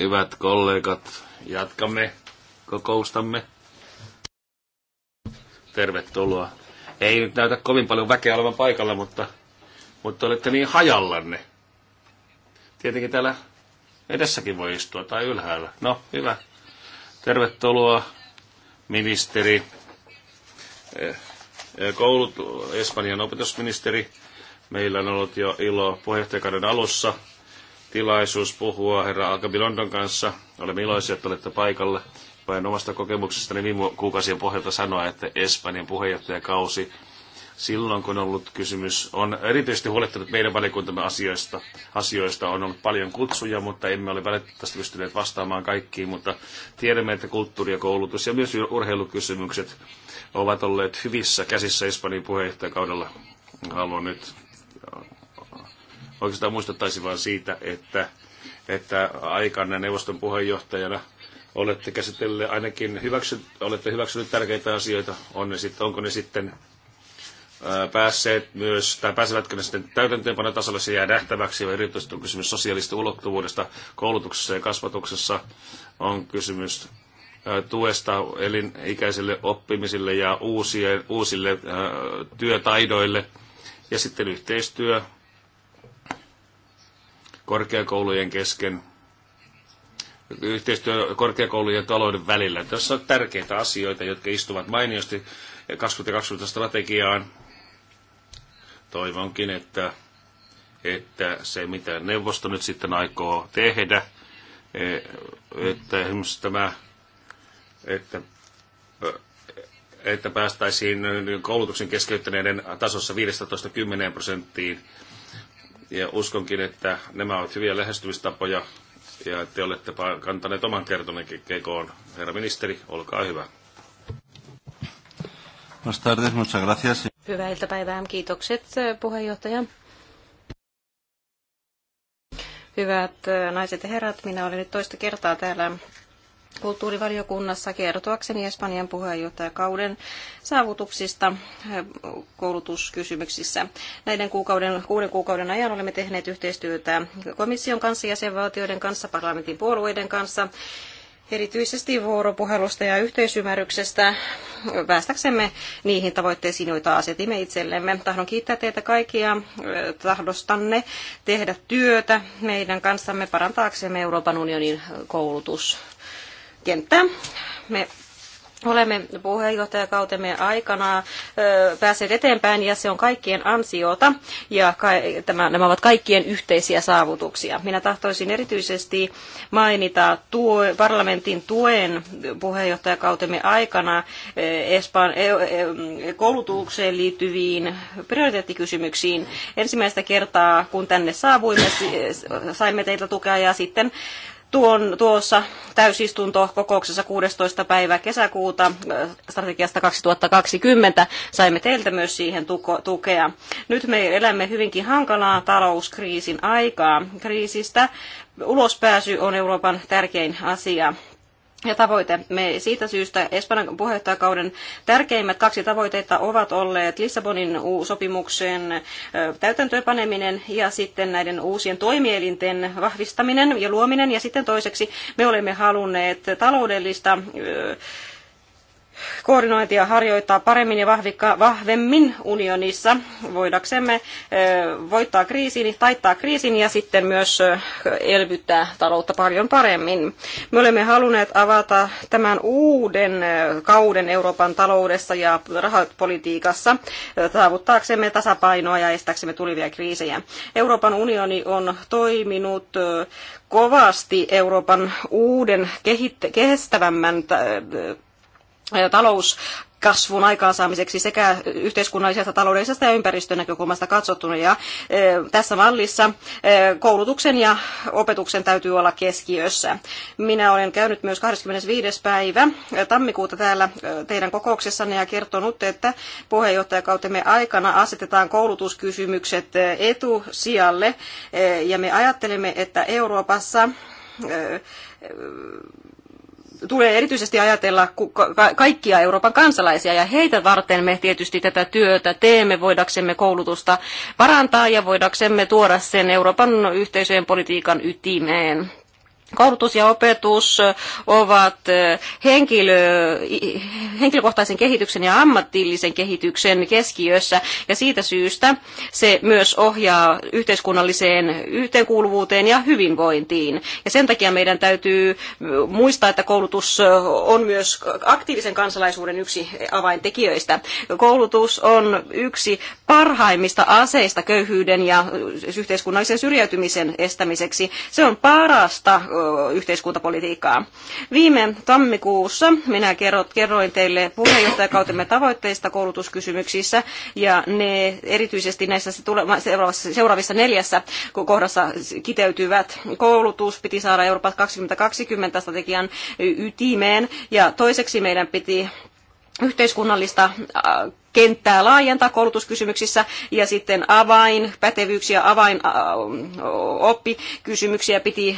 Hyvät kollegat, jatkamme kokoustamme. Tervetuloa. Ei nyt näytä kovin paljon väkeä olevan paikalla, mutta, mutta olette niin hajallanne. Tietenkin täällä edessäkin voi istua tai ylhäällä. No, hyvä. Tervetuloa, ministeri, eh, eh, koulut, Espanjan opetusministeri. Meillä on ollut jo ilo puheenjohtajakauden alussa tilaisuus puhua herra Alkabi London kanssa. Olemme iloisia, että olette paikalla. Vain omasta kokemuksestani viime kuukausien pohjalta sanoa, että Espanjan puheenjohtajakausi silloin, kun on ollut kysymys, on erityisesti huolehtinut meidän valikuntamme asioista. Asioista on ollut paljon kutsuja, mutta emme ole välttämättä pystyneet vastaamaan kaikkiin, mutta tiedämme, että kulttuuri ja koulutus ja myös urheilukysymykset ovat olleet hyvissä käsissä Espanjan puheenjohtajakaudella. Haluan nyt Oikeastaan muistuttaisin vain siitä, että, että aikanne neuvoston puheenjohtajana olette käsitelleet ainakin hyväksy, olette hyväksyneet tärkeitä asioita, on ne sit, onko ne sitten päässeet myös, tai pääsevätkö ne sitten tasolle, se jää nähtäväksi, vai erityisesti on kysymys sosiaalista ulottuvuudesta koulutuksessa ja kasvatuksessa, on kysymys tuesta elinikäisille oppimisille ja uusille, uusille työtaidoille, ja sitten yhteistyö korkeakoulujen kesken, yhteistyö korkeakoulujen ja talouden välillä. Tässä on tärkeitä asioita, jotka istuvat mainiosti 2020 strategiaan. Toivonkin, että, että se mitä neuvosto nyt sitten aikoo tehdä, e, että esimerkiksi tämä, että, että päästäisiin koulutuksen keskeyttäneiden tasossa 15-10 prosenttiin ja uskonkin, että nämä ovat hyviä lähestymistapoja ja te olette kantaneet oman kertonenkin kekoon. Herra ministeri, olkaa hyvä. tardes, muchas gracias. Hyvää iltapäivää, kiitokset puheenjohtaja. Hyvät äh, naiset ja herrat, minä olen nyt toista kertaa täällä kulttuurivaliokunnassa kertoakseni Espanjan puheenjohtajakauden saavutuksista eh, koulutuskysymyksissä. Näiden kuukauden, kuuden kuukauden ajan olemme tehneet yhteistyötä komission kanssa, jäsenvaltioiden kanssa, parlamentin puolueiden kanssa, erityisesti vuoropuhelusta ja yhteisymmärryksestä päästäksemme niihin tavoitteisiin, joita asetimme itsellemme. Tahdon kiittää teitä kaikkia eh, tahdostanne tehdä työtä meidän kanssamme parantaaksemme Euroopan unionin koulutus kenttää. Me olemme puheenjohtajakautemme aikana päässeet eteenpäin ja se on kaikkien ansiota ja tämä, nämä ovat kaikkien yhteisiä saavutuksia. Minä tahtoisin erityisesti mainita tuo, parlamentin tuen puheenjohtajakautemme aikana Espan, koulutukseen liittyviin prioriteettikysymyksiin. Ensimmäistä kertaa kun tänne saavuimme, saimme teiltä tukea ja sitten tuon, tuossa täysistuntokokouksessa 16. päivä kesäkuuta äh, strategiasta 2020 saimme teiltä myös siihen tukea. Nyt me elämme hyvinkin hankalaa talouskriisin aikaa. Kriisistä ulospääsy on Euroopan tärkein asia ja tavoite. Me siitä syystä Espanjan puheenjohtajakauden tärkeimmät kaksi tavoitetta ovat olleet Lissabonin sopimuksen täytäntöönpaneminen ja sitten näiden uusien toimielinten vahvistaminen ja luominen. Ja sitten toiseksi me olemme halunneet taloudellista koordinointia harjoittaa paremmin ja vahvemmin unionissa, voidaksemme voittaa kriisin, taittaa kriisin ja sitten myös elvyttää taloutta paljon paremmin. Me olemme halunneet avata tämän uuden kauden Euroopan taloudessa ja rahapolitiikassa saavuttaaksemme tasapainoa ja estääksemme tulivia kriisejä. Euroopan unioni on toiminut kovasti Euroopan uuden kestävämmän talous kasvun aikaansaamiseksi sekä yhteiskunnallisesta, taloudellisesta ja ympäristönäkökulmasta katsottuna. Ja tässä mallissa koulutuksen ja opetuksen täytyy olla keskiössä. Minä olen käynyt myös 25. päivä tammikuuta täällä teidän kokouksessanne ja kertonut, että puheenjohtajakautemme aikana asetetaan koulutuskysymykset etusijalle ja me ajattelemme, että Euroopassa tulee erityisesti ajatella kaikkia Euroopan kansalaisia ja heitä varten me tietysti tätä työtä teemme voidaksemme koulutusta parantaa ja voidaksemme tuoda sen Euroopan yhteisöjen politiikan ytimeen. Koulutus ja opetus ovat eh, henkilö, henkilökohtaisen kehityksen ja ammatillisen kehityksen keskiössä, ja siitä syystä se myös ohjaa yhteiskunnalliseen yhteenkuuluvuuteen ja hyvinvointiin. Ja sen takia meidän täytyy muistaa, että koulutus on myös aktiivisen kansalaisuuden yksi avaintekijöistä. Koulutus on yksi parhaimmista aseista köyhyyden ja yhteiskunnallisen syrjäytymisen estämiseksi. Se on parasta yhteiskuntapolitiikkaa. Viime tammikuussa minä kerroin teille puheenjohtajakautemme tavoitteista koulutuskysymyksissä ja ne erityisesti näissä seuraavissa neljässä kohdassa kiteytyvät. Koulutus piti saada Euroopan 2020 strategian ytimeen ja toiseksi meidän piti yhteiskunnallista kenttää laajentaa koulutuskysymyksissä ja sitten avainpätevyyksiä, avainoppikysymyksiä piti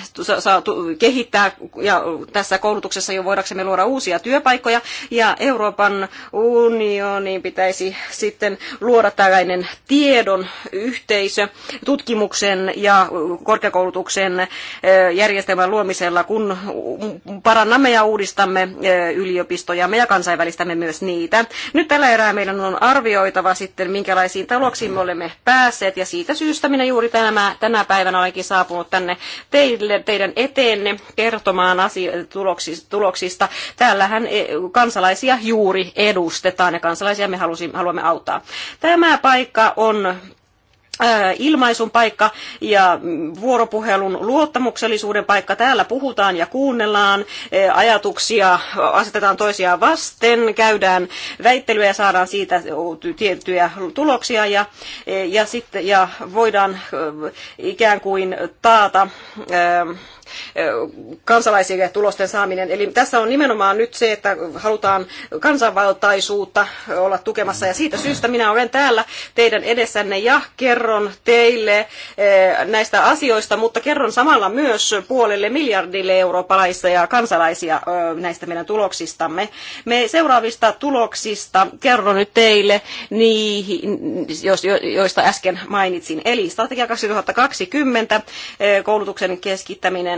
kehittää ja tässä koulutuksessa jo voidaksemme luoda uusia työpaikkoja ja Euroopan unionin pitäisi sitten luoda tällainen tiedon yhteisö tutkimuksen ja korkeakoulutuksen järjestelmän luomisella, kun parannamme ja uudistamme yliopistojamme ja kansainvälistämme myös niitä. Nyt tällä erää meidän on on arvioitava sitten, minkälaisiin talouksiin me olemme päässeet, ja siitä syystä minä juuri tänä, tänä päivänä olenkin saapunut tänne teille, teidän eteenne kertomaan asio- tuloksista. Täällähän e, kansalaisia juuri edustetaan, ja kansalaisia me haluamme auttaa. Tämä paikka on ilmaisun paikka ja vuoropuhelun luottamuksellisuuden paikka. Täällä puhutaan ja kuunnellaan ajatuksia, asetetaan toisiaan vasten, käydään väittelyä ja saadaan siitä tiettyjä tuloksia ja, ja, sitten, ja voidaan ikään kuin taata kansalaisille tulosten saaminen. Eli tässä on nimenomaan nyt se, että halutaan kansanvaltaisuutta olla tukemassa ja siitä syystä minä olen täällä teidän edessänne ja kerron teille näistä asioista, mutta kerron samalla myös puolelle miljardille eurooppalaisia ja kansalaisia näistä meidän tuloksistamme. Me seuraavista tuloksista kerron nyt teille niihin, joista äsken mainitsin. Eli strategia 2020, koulutuksen keskittäminen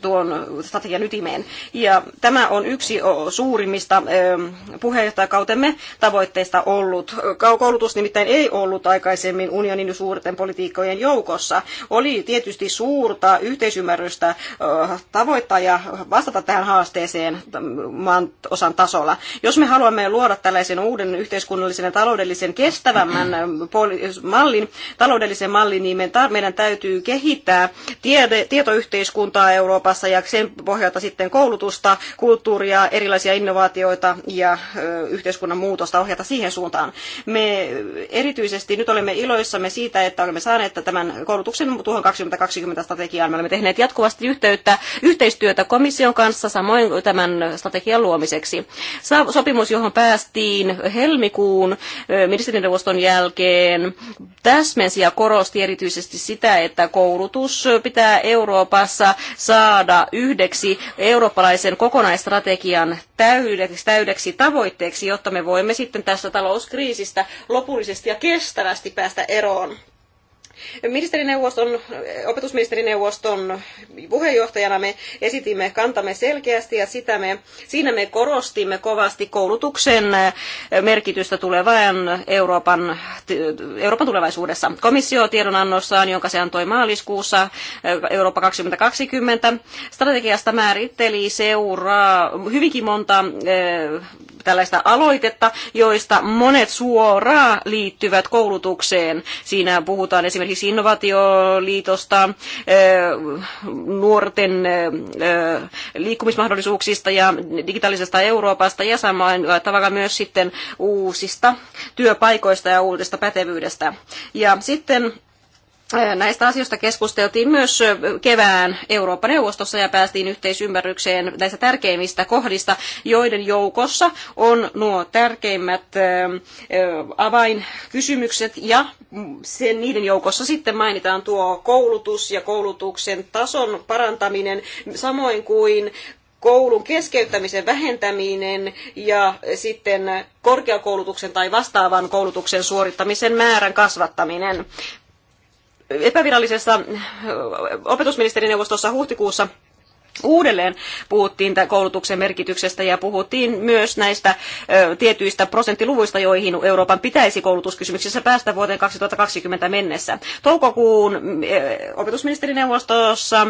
tuon strategian ytimeen. Ja tämä on yksi suurimmista puheenjohtajakautemme tavoitteista ollut. Koulutus nimittäin ei ollut aikaisemmin unionin suurten politiikkojen joukossa. Oli tietysti suurta yhteisymmärrystä tavoittaa ja vastata tähän haasteeseen maan osan tasolla. Jos me haluamme luoda tällaisen uuden yhteiskunnallisen ja taloudellisen kestävämmän mallin, taloudellisen mallin, niin meidän täytyy kehittää tiede, tietoyhteiskuntaa, tuottaa Euroopassa ja sen pohjalta sitten koulutusta, kulttuuria, erilaisia innovaatioita ja yhteiskunnan muutosta ohjata siihen suuntaan. Me erityisesti nyt olemme iloissamme siitä, että olemme saaneet tämän koulutuksen tuohon 2020 strategiaan. Me olemme tehneet jatkuvasti yhteyttä, yhteistyötä komission kanssa samoin tämän strategian luomiseksi. Sopimus, johon päästiin helmikuun ministerineuvoston jälkeen, täsmensi ja korosti erityisesti sitä, että koulutus pitää Euroopassa saada yhdeksi eurooppalaisen kokonaistrategian täydeksi, täydeksi tavoitteeksi, jotta me voimme sitten tästä talouskriisistä lopullisesti ja kestävästi päästä eroon. Ministerineuvoston, opetusministerineuvoston puheenjohtajana me esitimme kantamme selkeästi ja sitä me, siinä me korostimme kovasti koulutuksen eh, merkitystä tulevan Euroopan, Euroopan tulevaisuudessa. Komissio tiedonannossaan, jonka se antoi maaliskuussa eh, Eurooppa 2020 strategiasta määritteli seuraa hyvinkin monta eh, tällaista aloitetta, joista monet suoraan liittyvät koulutukseen. Siinä puhutaan esimerkiksi innovaatioliitosta, nuorten liikkumismahdollisuuksista ja digitaalisesta Euroopasta ja samoin tavalla myös sitten uusista työpaikoista ja uudesta pätevyydestä. Ja sitten Näistä asioista keskusteltiin myös kevään Eurooppa-neuvostossa ja päästiin yhteisymmärrykseen näistä tärkeimmistä kohdista, joiden joukossa on nuo tärkeimmät avainkysymykset ja sen, niiden joukossa sitten mainitaan tuo koulutus ja koulutuksen tason parantaminen, samoin kuin koulun keskeyttämisen vähentäminen ja sitten korkeakoulutuksen tai vastaavan koulutuksen suorittamisen määrän kasvattaminen epävirallisessa opetusministerineuvostossa huhtikuussa uudelleen puhuttiin koulutuksen merkityksestä ja puhuttiin myös näistä tietyistä prosenttiluvuista, joihin Euroopan pitäisi koulutuskysymyksissä päästä vuoteen 2020 mennessä. Toukokuun opetusministerineuvostossa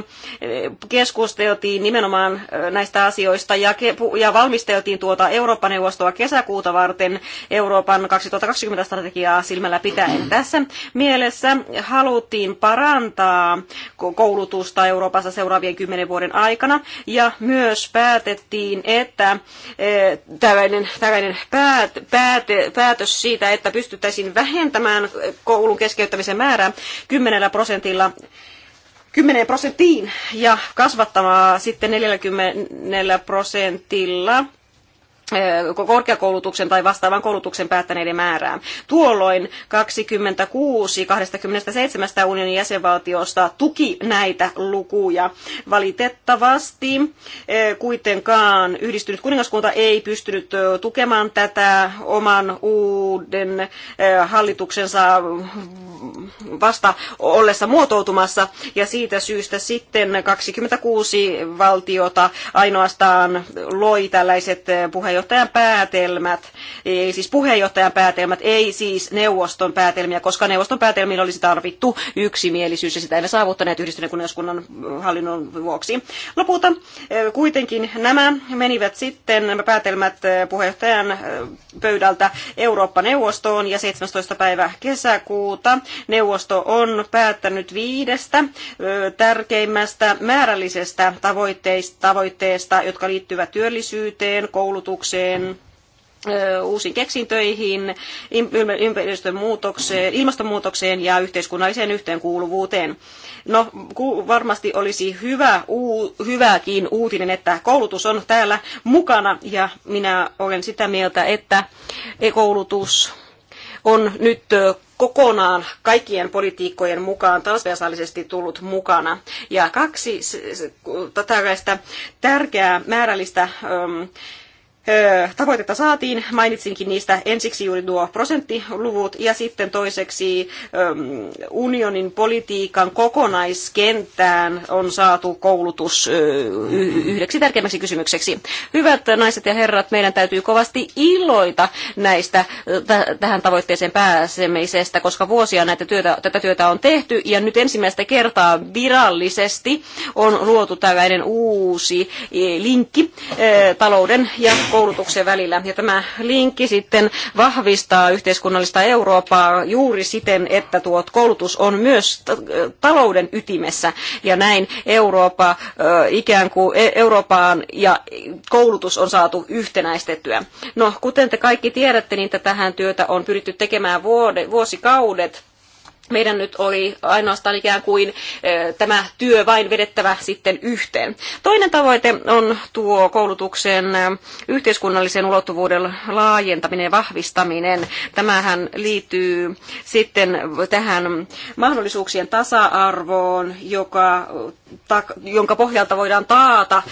keskusteltiin nimenomaan näistä asioista ja, valmisteltiin tuota Eurooppa-neuvostoa kesäkuuta varten Euroopan 2020-strategiaa silmällä pitäen. Tässä mielessä haluttiin parantaa koulutusta Euroopassa seuraavien kymmenen vuoden aikana aikana. Ja myös päätettiin, että eh, tällainen, tällainen päät, päät, päätös siitä, että pystyttäisiin vähentämään koulun keskeyttämisen määrää 10 prosentilla 10 prosenttiin ja kasvattamaan sitten 40 prosentilla korkeakoulutuksen tai vastaavan koulutuksen päättäneiden määrää. Tuolloin 26 27 unionin jäsenvaltiosta tuki näitä lukuja. Valitettavasti kuitenkaan yhdistynyt kuningaskunta ei pystynyt tukemaan tätä oman uuden hallituksensa vasta ollessa muotoutumassa ja siitä syystä sitten 26 valtiota ainoastaan loi tällaiset puheenjohtajat puheenjohtajan päätelmät, ei siis puheenjohtajan päätelmät, ei siis neuvoston päätelmiä, koska neuvoston päätelmiin olisi tarvittu yksimielisyys ja sitä emme saavuttaneet yhdistyneen kuningaskunnan hallinnon vuoksi. Lopulta kuitenkin nämä menivät sitten nämä päätelmät puheenjohtajan pöydältä Eurooppa-neuvostoon ja 17. päivä kesäkuuta neuvosto on päättänyt viidestä tärkeimmästä määrällisestä tavoitteesta, jotka liittyvät työllisyyteen, koulutukseen, tutkimukseen, uusiin keksintöihin, ympäristön muutokseen, ilmastonmuutokseen ja yhteiskunnalliseen yhteenkuuluvuuteen. No, varmasti olisi hyvä, uu, hyväkin uutinen, että koulutus on täällä mukana ja minä olen sitä mieltä, että koulutus on nyt kokonaan kaikkien politiikkojen mukaan transversaalisesti tullut mukana. Ja kaksi tällaista tärkeää määrällistä tavoitetta saatiin. Mainitsinkin niistä ensiksi juuri nuo prosenttiluvut ja sitten toiseksi unionin politiikan kokonaiskenttään on saatu koulutus yhdeksi tärkeimmäksi kysymykseksi. Hyvät naiset ja herrat, meidän täytyy kovasti iloita näistä tähän tavoitteeseen pääsemisestä, koska vuosia näitä työtä, tätä työtä on tehty ja nyt ensimmäistä kertaa virallisesti on luotu tällainen uusi e, linkki talouden ja koulutuksen välillä. Ja tämä linkki sitten vahvistaa yhteiskunnallista Eurooppaa juuri siten, että tuo koulutus on myös talouden ytimessä. Ja näin Eurooppa, ikään kuin e- Eurooppaan ja koulutus on saatu yhtenäistettyä. No, kuten te kaikki tiedätte, niin tätähän työtä on pyritty tekemään vuosikaudet meidän nyt oli ainoastaan ikään kuin tämä työ vain vedettävä sitten yhteen. Toinen tavoite on tuo koulutuksen yhteiskunnallisen ulottuvuuden laajentaminen ja vahvistaminen. Tämähän liittyy sitten tähän mahdollisuuksien tasa-arvoon, joka, ta, jonka pohjalta voidaan taata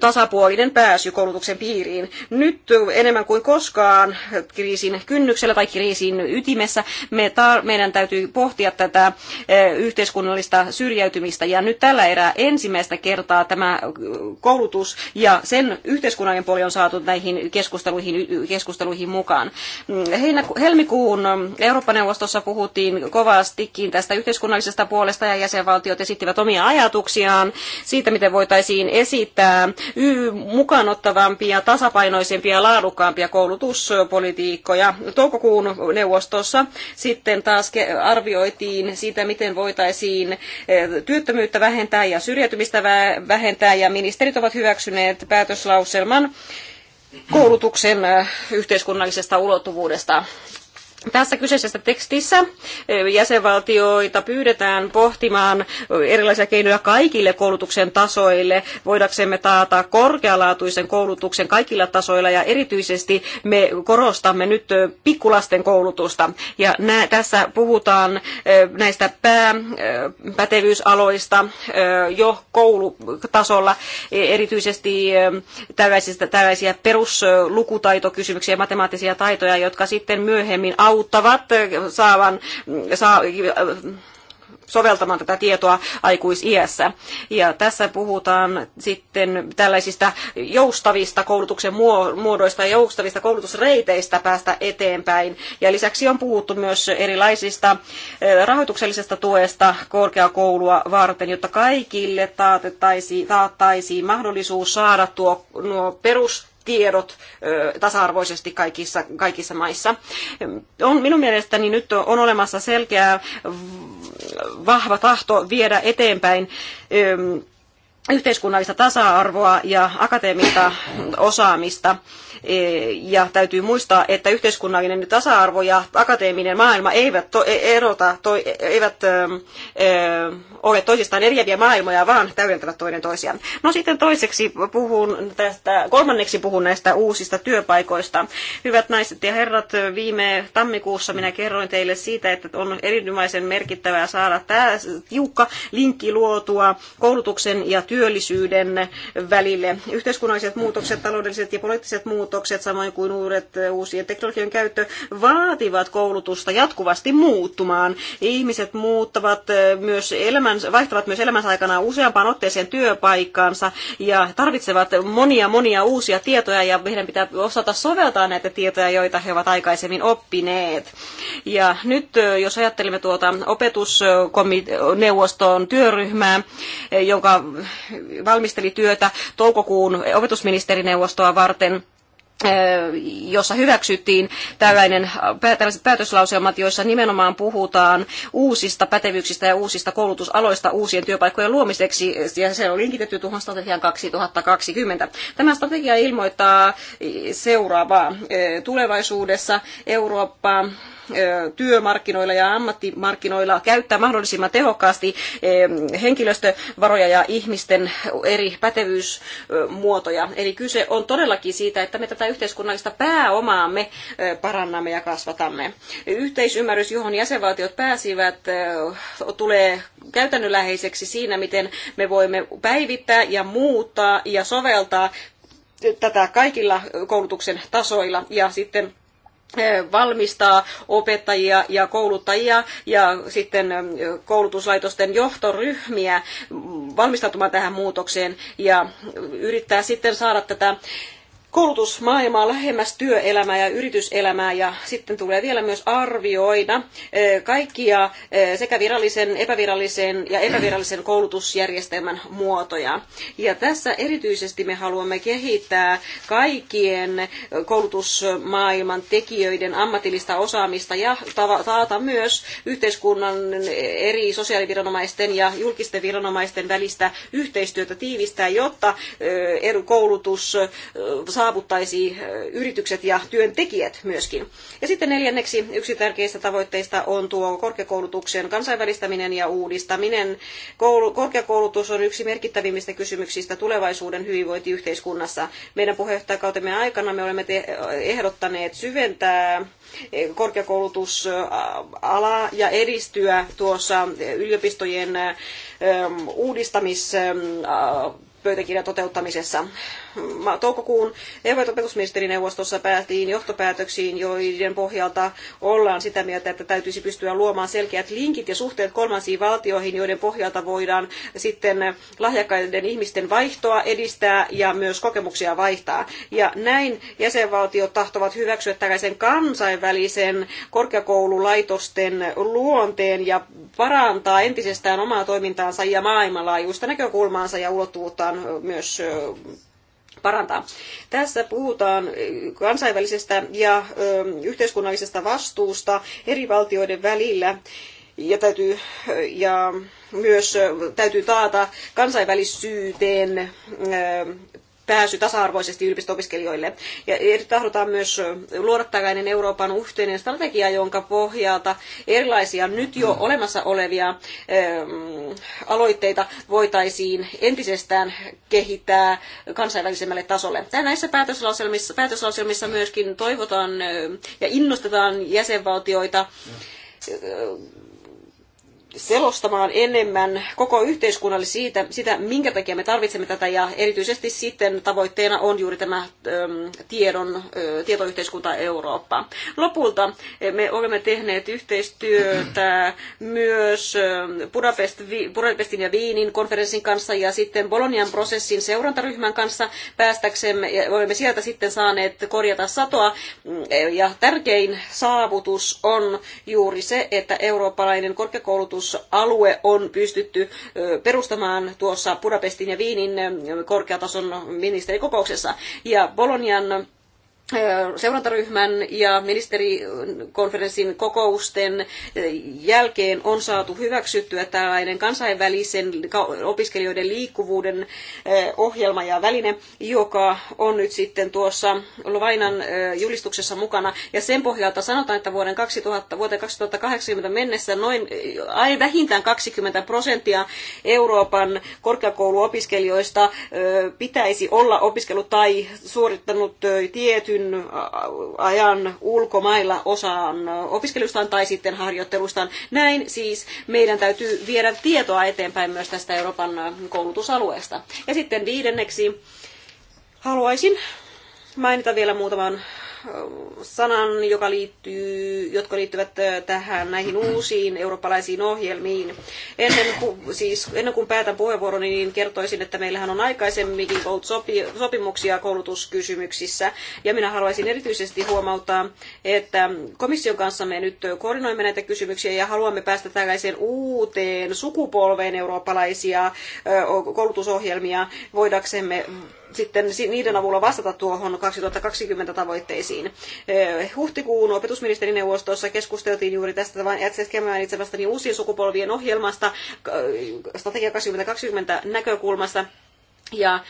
tasapuolinen pääsy koulutuksen piiriin. Nyt enemmän kuin koskaan kriisin kynnyksellä tai kriisin ytimessä me tar- meidän täytyy pohtia, pohtia tätä eh, yhteiskunnallista syrjäytymistä. Ja nyt tällä erää ensimmäistä kertaa tämä eh, koulutus ja sen yhteiskunnallinen puoli on saatu näihin keskusteluihin, keskusteluihin mukaan. Mm, helmikuun eh, Eurooppa-neuvostossa puhuttiin kovastikin tästä yhteiskunnallisesta puolesta ja jäsenvaltiot esittivät omia ajatuksiaan siitä, miten voitaisiin esittää mukaanottavampia, tasapainoisempia, laadukkaampia koulutuspolitiikkoja. Toukokuun neuvostossa sitten taas arvio arvioitiin siitä, miten voitaisiin eh, työttömyyttä vähentää ja syrjäytymistä vähentää, ja ministerit ovat hyväksyneet päätöslauselman koulutuksen eh, yhteiskunnallisesta ulottuvuudesta. Tässä kyseisessä tekstissä e, jäsenvaltioita pyydetään pohtimaan erilaisia keinoja kaikille koulutuksen tasoille. Voidaksemme taata korkealaatuisen koulutuksen kaikilla tasoilla ja erityisesti me korostamme nyt e, pikkulasten koulutusta. Ja nä- tässä puhutaan e, näistä pääpätevyysaloista jo koulutasolla, erityisesti tällaisista, tällaisia peruslukutaitokysymyksiä, matemaattisia taitoja, jotka sitten myöhemmin auttavat saavan, saa, soveltamaan tätä tietoa aikuisiässä. Ja tässä puhutaan sitten tällaisista joustavista koulutuksen muodoista ja joustavista koulutusreiteistä päästä eteenpäin. Ja lisäksi on puhuttu myös erilaisista rahoituksellisesta tuesta korkeakoulua varten, jotta kaikille taattaisiin mahdollisuus saada tuo, nuo perus tiedot tasa-arvoisesti kaikissa, kaikissa maissa. On, minun mielestäni nyt on olemassa selkeä vahva tahto viedä eteenpäin yhteiskunnallista tasa-arvoa ja akateemista osaamista E, ja täytyy muistaa, että yhteiskunnallinen tasa-arvo ja akateeminen maailma eivät to, e, erota, to, eivät ö, ö, e, ole toisistaan eriäviä maailmoja, vaan täydentävät toinen toisiaan. No sitten toiseksi puhun tästä, kolmanneksi puhun näistä uusista työpaikoista. Hyvät naiset ja herrat, viime tammikuussa minä kerroin teille siitä, että on erinomaisen merkittävää saada tämä tiukka linkki luotua koulutuksen ja työllisyyden välille. Yhteiskunnalliset muutokset, taloudelliset ja poliittiset muutokset muutokset samoin kuin uudet eh, uusien teknologian käyttö vaativat koulutusta jatkuvasti muuttumaan. Ihmiset muuttavat eh, myös elämänsä, vaihtavat myös elämänsä aikana useampaan otteeseen työpaikkaansa ja tarvitsevat monia monia uusia tietoja ja meidän pitää osata soveltaa näitä tietoja, joita he ovat aikaisemmin oppineet. Ja nyt eh, jos ajattelemme tuota opetusneuvoston työryhmää, jonka valmisteli työtä toukokuun opetusministerineuvostoa varten, jossa hyväksyttiin tällainen, tällaiset päätöslauselmat, joissa nimenomaan puhutaan uusista pätevyyksistä ja uusista koulutusaloista uusien työpaikkojen luomiseksi, ja se on linkitetty tuohon strategiaan 2020. Tämä strategia ilmoittaa seuraavaa. Tulevaisuudessa Eurooppa työmarkkinoilla ja ammattimarkkinoilla käyttää mahdollisimman tehokkaasti henkilöstövaroja ja ihmisten eri pätevyysmuotoja. Eli kyse on todellakin siitä, että me tätä yhteiskunnallista pääomaamme parannamme ja kasvatamme. Yhteisymmärrys, johon jäsenvaltiot pääsivät, tulee käytännönläheiseksi siinä, miten me voimme päivittää ja muuttaa ja soveltaa tätä kaikilla koulutuksen tasoilla ja sitten valmistaa opettajia ja kouluttajia ja sitten koulutuslaitosten johtoryhmiä valmistautumaan tähän muutokseen ja yrittää sitten saada tätä koulutusmaailmaa lähemmäs työelämää ja yrityselämää ja sitten tulee vielä myös arvioida kaikkia sekä virallisen, epävirallisen ja epävirallisen koulutusjärjestelmän muotoja. Ja tässä erityisesti me haluamme kehittää kaikkien koulutusmaailman tekijöiden ammatillista osaamista ja taata myös yhteiskunnan eri sosiaaliviranomaisten ja julkisten viranomaisten välistä yhteistyötä tiivistää, jotta koulutus saavuttaisi yritykset ja työntekijät myöskin. Ja sitten neljänneksi yksi tärkeistä tavoitteista on tuo korkeakoulutuksen kansainvälistäminen ja uudistaminen. korkeakoulutus on yksi merkittävimmistä kysymyksistä tulevaisuuden hyvinvointiyhteiskunnassa. Meidän puheenjohtajakautemme aikana me olemme ehdottaneet syventää korkeakoulutusalaa ja edistyä tuossa yliopistojen uudistamispöytäkirjan toteuttamisessa toukokuun opetusministerineuvostossa päätiin johtopäätöksiin, joiden pohjalta ollaan sitä mieltä, että täytyisi pystyä luomaan selkeät linkit ja suhteet kolmansiin valtioihin, joiden pohjalta voidaan sitten lahjakkaiden ihmisten vaihtoa edistää ja myös kokemuksia vaihtaa. Ja näin jäsenvaltiot tahtovat hyväksyä tällaisen kansainvälisen korkeakoululaitosten luonteen ja parantaa entisestään omaa toimintaansa ja maailmanlaajuista näkökulmaansa ja ulottuvuuttaan myös parantaa. Tässä puhutaan kansainvälisestä ja yhteiskunnallisesta vastuusta eri valtioiden välillä ja täytyy, ja myös täytyy taata kansainvälisyyteen pääsy tasa-arvoisesti yliopisto-opiskelijoille. Ja tahdotaan myös luoda tällainen Euroopan yhteinen strategia, jonka pohjalta erilaisia nyt jo olemassa olevia ähm, aloitteita voitaisiin entisestään kehittää kansainvälisemmälle tasolle. Ja näissä päätöslauselmissa, päätöslauselmissa myöskin toivotaan ja innostetaan jäsenvaltioita selostamaan enemmän koko yhteiskunnalle siitä, sitä, minkä takia me tarvitsemme tätä ja erityisesti sitten tavoitteena on juuri tämä ähm, tiedon, äh, tietoyhteiskunta Eurooppa. Lopulta eh, me olemme tehneet yhteistyötä myös ähm, Budapest, Budapestin ja Viinin konferenssin kanssa ja sitten Bolonian prosessin seurantaryhmän kanssa päästäksemme ja olemme sieltä sitten saaneet korjata satoa mm, ja tärkein saavutus on juuri se, että eurooppalainen korkeakoulutus tutkimusalue on pystytty perustamaan tuossa Budapestin ja Viinin korkeatason ministerikokouksessa. Ja Bolonian seurantaryhmän ja ministerikonferenssin kokousten jälkeen on saatu hyväksyttyä tällainen kansainvälisen opiskelijoiden liikkuvuuden ohjelma ja väline, joka on nyt sitten tuossa Lovainan julistuksessa mukana. Ja sen pohjalta sanotaan, että vuoden 2000, vuoteen 2080 mennessä noin vähintään 20 prosenttia Euroopan korkeakouluopiskelijoista pitäisi olla opiskellut tai suorittanut tietyn jonkin ajan ulkomailla osaan opiskelustaan tai sitten harjoittelustaan. Näin siis meidän täytyy viedä tietoa eteenpäin myös tästä Euroopan koulutusalueesta. Ja sitten viidenneksi haluaisin mainita vielä muutaman sanan, joka liittyy, jotka liittyvät tähän näihin uusiin eurooppalaisiin ohjelmiin. Ennen kuin, siis, ennen kuin päätän puheenvuoroni, niin kertoisin, että meillähän on aikaisemminkin ollut sopi, sopimuksia koulutuskysymyksissä. Ja minä haluaisin erityisesti huomauttaa, että komission kanssa me nyt koordinoimme näitä kysymyksiä ja haluamme päästä tällaiseen uuteen sukupolveen eurooppalaisia koulutusohjelmia voidaksemme sitten niiden avulla vastata tuohon 2020 tavoitteisiin. Eh, huhtikuun opetusministerineuvostossa keskusteltiin juuri tästä vain äsken mainitsemastani uusien sukupolvien ohjelmasta strategia 2020 näkökulmasta ja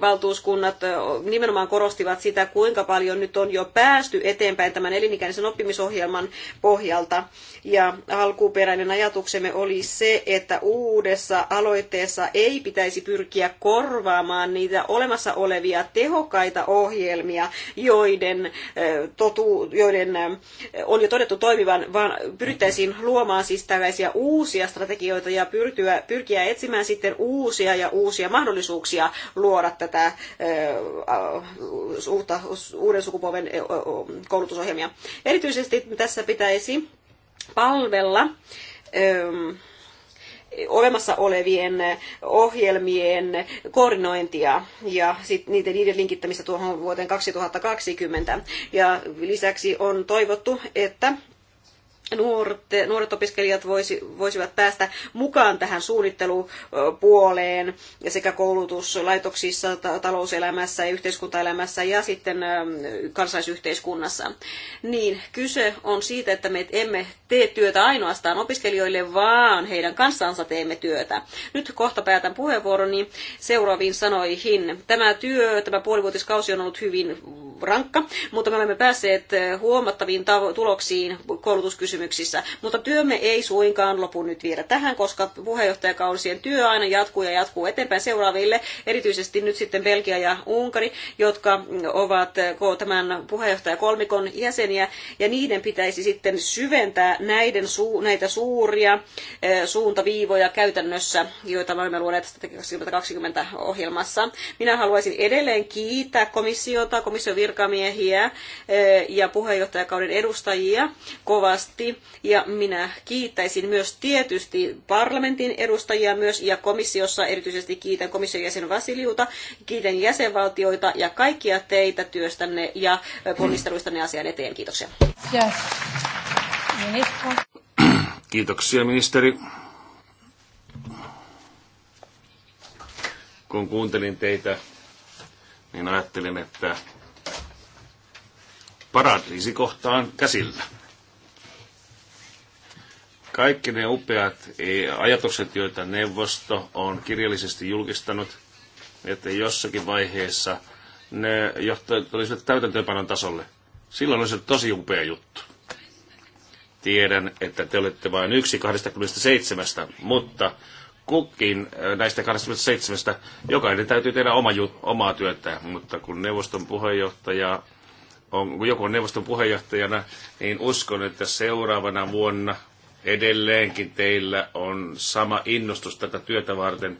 valtuuskunnat nimenomaan korostivat sitä, kuinka paljon nyt on jo päästy eteenpäin tämän elinikäisen oppimisohjelman pohjalta. Ja alkuperäinen ajatuksemme oli se, että uudessa aloitteessa ei pitäisi pyrkiä korvaamaan niitä olemassa olevia tehokkaita ohjelmia, joiden, totu, joiden on jo todettu toimivan, vaan pyrittäisiin luomaan siis tällaisia uusia strategioita ja pyrkiä etsimään sitten uusia ja uusia mahdollisuuksia naisia luoda tätä uutta, uuden sukupolven koulutusohjelmia. Erityisesti tässä pitäisi palvella olemassa olevien ohjelmien koordinointia ja sit niiden, niiden linkittämistä tuohon vuoteen 2020. Ja lisäksi on toivottu, että nuoret, nuoret opiskelijat voisi, voisivat päästä mukaan tähän suunnittelupuoleen sekä koulutuslaitoksissa, talouselämässä ja yhteiskuntaelämässä ja sitten ähm, kansaisyhteiskunnassa. Niin kyse on siitä, että me emme tee työtä ainoastaan opiskelijoille, vaan heidän kanssansa teemme työtä. Nyt kohta päätän puheenvuoroni seuraaviin sanoihin. Tämä työ, tämä puolivuotiskausi on ollut hyvin rankka, mutta me olemme päässeet eh, huomattaviin tuloksiin koulutuskysymyksissä. Mutta työmme ei suinkaan lopu nyt vielä tähän, koska puheenjohtajakausien työ aina jatkuu ja jatkuu eteenpäin seuraaville, erityisesti nyt sitten Belgia ja Unkari, jotka ovat eh, tämän puheenjohtajakolmikon jäseniä, ja niiden pitäisi sitten syventää näiden näitä suuria eh, suuntaviivoja käytännössä, joita me olemme luoneet 2020 ohjelmassa. Minä haluaisin edelleen kiittää komissiota, komission virkamiehiä eh, ja puheenjohtajakauden edustajia kovasti. Ja minä kiittäisin myös tietysti parlamentin edustajia myös ja komissiossa erityisesti kiitän komission jäsen Vasiliuta, kiitän jäsenvaltioita ja kaikkia teitä työstänne ja ponnisteluistanne asian eteen. Kiitoksia. Kiitoksia ministeri. Kun kuuntelin teitä, niin ajattelin, että paradiisikohtaan käsillä. Kaikki ne upeat e- ajatukset, joita neuvosto on kirjallisesti julkistanut, että jossakin vaiheessa ne olisivat täytäntöönpanon tasolle. Silloin olisi tosi upea juttu. Tiedän, että te olette vain yksi 27, mutta kukin äh, näistä 27, jokainen täytyy tehdä oma, omaa työtä, mutta kun neuvoston puheenjohtaja on, kun joku on neuvoston puheenjohtajana, niin uskon, että seuraavana vuonna edelleenkin teillä on sama innostus tätä työtä varten.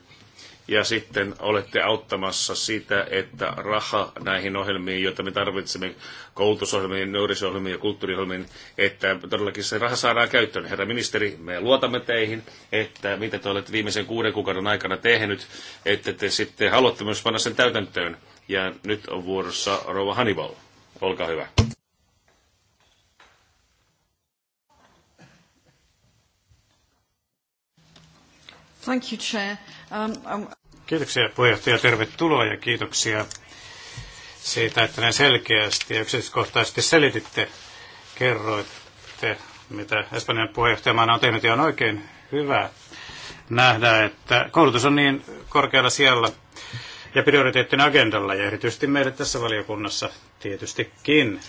Ja sitten olette auttamassa sitä, että raha näihin ohjelmiin, joita me tarvitsemme, koulutusohjelmiin, nuorisohjelmiin ja kulttuuriohjelmiin, että todellakin se raha saadaan käyttöön. Herra ministeri, me luotamme teihin, että mitä te olette viimeisen kuuden kuukauden aikana tehnyt, että te sitten haluatte myös panna sen täytäntöön. Ja nyt on vuorossa Rova Hannibal. Olkaa hyvä. Thank you, Chair. Um, um... Kiitoksia puheenjohtaja, tervetuloa ja kiitoksia siitä, että näin selkeästi ja yksityiskohtaisesti selititte, kerroitte, mitä Espanjan puheenjohtajamaana on tehnyt ja on oikein hyvä nähdä, että koulutus on niin korkealla siellä ja prioriteettina agendalla ja erityisesti meille tässä valiokunnassa tietystikin.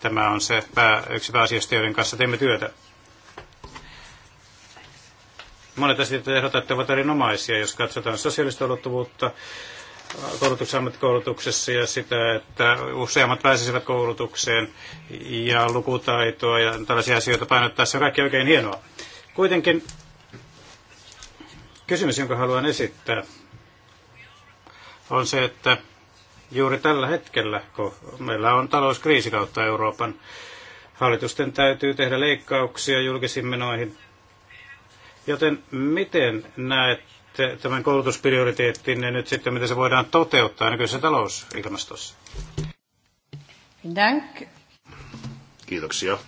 Tämä on se pää, yksi pääasioista, joiden kanssa teemme työtä. Monet asiat ehdotatte ovat erinomaisia, jos katsotaan sosiaalista ulottuvuutta koulutuksen ammattikoulutuksessa ja sitä, että useammat pääsisivät koulutukseen ja lukutaitoa ja tällaisia asioita painottaa. Se on kaikki oikein hienoa. Kuitenkin kysymys, jonka haluan esittää, on se, että juuri tällä hetkellä, kun meillä on talouskriisi kautta Euroopan, hallitusten täytyy tehdä leikkauksia julkisiin menoihin. Joten miten näette tämän koulutusprioriteettin ja nyt sitten, miten se voidaan toteuttaa nykyisessä talousilmastossa? Dank. Kiitoksia.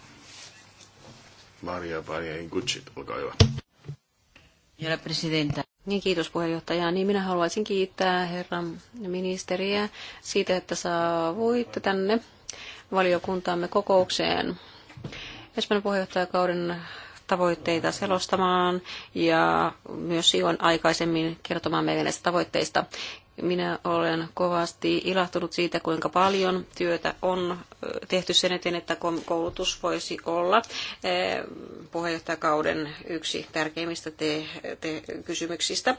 Maria Paria Ingutsit, olkaa hyvä. Herra presidenta. Niin, kiitos puheenjohtaja. Niin minä haluaisin kiittää herran ministeriä siitä, että saavuitte tänne valiokuntaamme kokoukseen Espanjan puheenjohtajakauden tavoitteita selostamaan ja myös Sion aikaisemmin kertomaan meille näistä tavoitteista. Minä olen kovasti ilahtunut siitä, kuinka paljon työtä on tehty sen eteen, että koulutus voisi olla puheenjohtajakauden yksi tärkeimmistä te- te- kysymyksistä.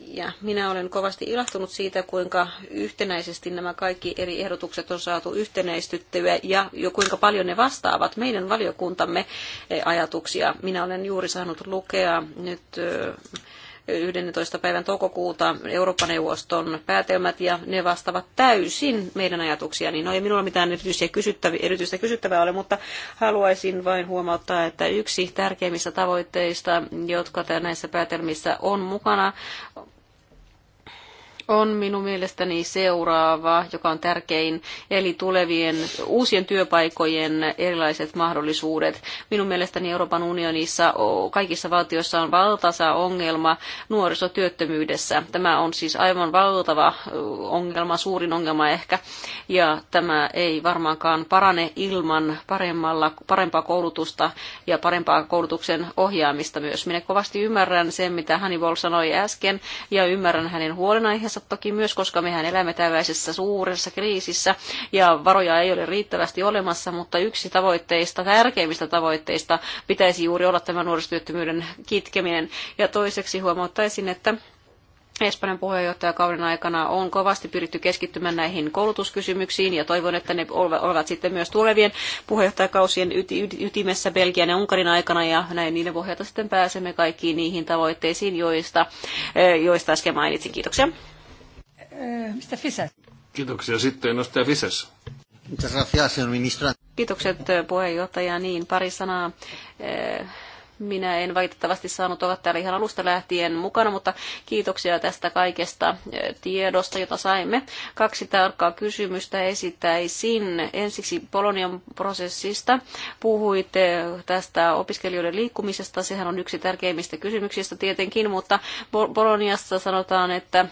Ja minä olen kovasti ilahtunut siitä, kuinka yhtenäisesti nämä kaikki eri ehdotukset on saatu yhtenäistyttyä ja jo kuinka paljon ne vastaavat meidän valiokuntamme ajatuksia. Minä olen juuri saanut lukea nyt 11. päivän toukokuuta Eurooppa-neuvoston päätelmät ja ne vastaavat täysin meidän ajatuksia. Niin no ei minulla mitään erityisiä kysyttäviä, erityistä kysyttävää ole, mutta haluaisin vain huomauttaa, että yksi tärkeimmistä tavoitteista, jotka näissä päätelmissä on mukana, on minun mielestäni seuraava, joka on tärkein, eli tulevien uusien työpaikojen erilaiset mahdollisuudet. Minun mielestäni Euroopan unionissa kaikissa valtioissa on valtaisa ongelma nuorisotyöttömyydessä. Tämä on siis aivan valtava ongelma, suurin ongelma ehkä, ja tämä ei varmaankaan parane ilman paremmalla, parempaa koulutusta ja parempaa koulutuksen ohjaamista myös. Minä kovasti ymmärrän sen, mitä Hannibal sanoi äsken, ja ymmärrän hänen huolenaiheensa kanssa toki myös, koska mehän elämme tällaisessa suuressa kriisissä ja varoja ei ole riittävästi olemassa, mutta yksi tavoitteista, tärkeimmistä tavoitteista pitäisi juuri olla tämä nuorisotyöttömyyden kitkeminen. Ja toiseksi huomauttaisin, että Espanjan puheenjohtajakauden aikana on kovasti pyritty keskittymään näihin koulutuskysymyksiin ja toivon, että ne ovat sitten myös tulevien puheenjohtajakausien ytimessä Belgian ja Unkarin aikana ja näin niiden pohjalta sitten pääsemme kaikkiin niihin tavoitteisiin, joista, eh, joista äsken mainitsin. Kiitoksia. Eh, Mr. Fisas. Kiitoksia. Sitten edustaja Fisas. Kiitokset eh, puheenjohtaja. Niin, pari sanaa. Eh, minä en valitettavasti saanut olla täällä ihan alusta lähtien mukana, mutta kiitoksia tästä kaikesta tiedosta, jota saimme. Kaksi tarkkaa kysymystä esittäisin. Ensiksi Polonian prosessista. Puhuitte tästä opiskelijoiden liikkumisesta. Sehän on yksi tärkeimmistä kysymyksistä tietenkin, mutta Poloniassa sanotaan, että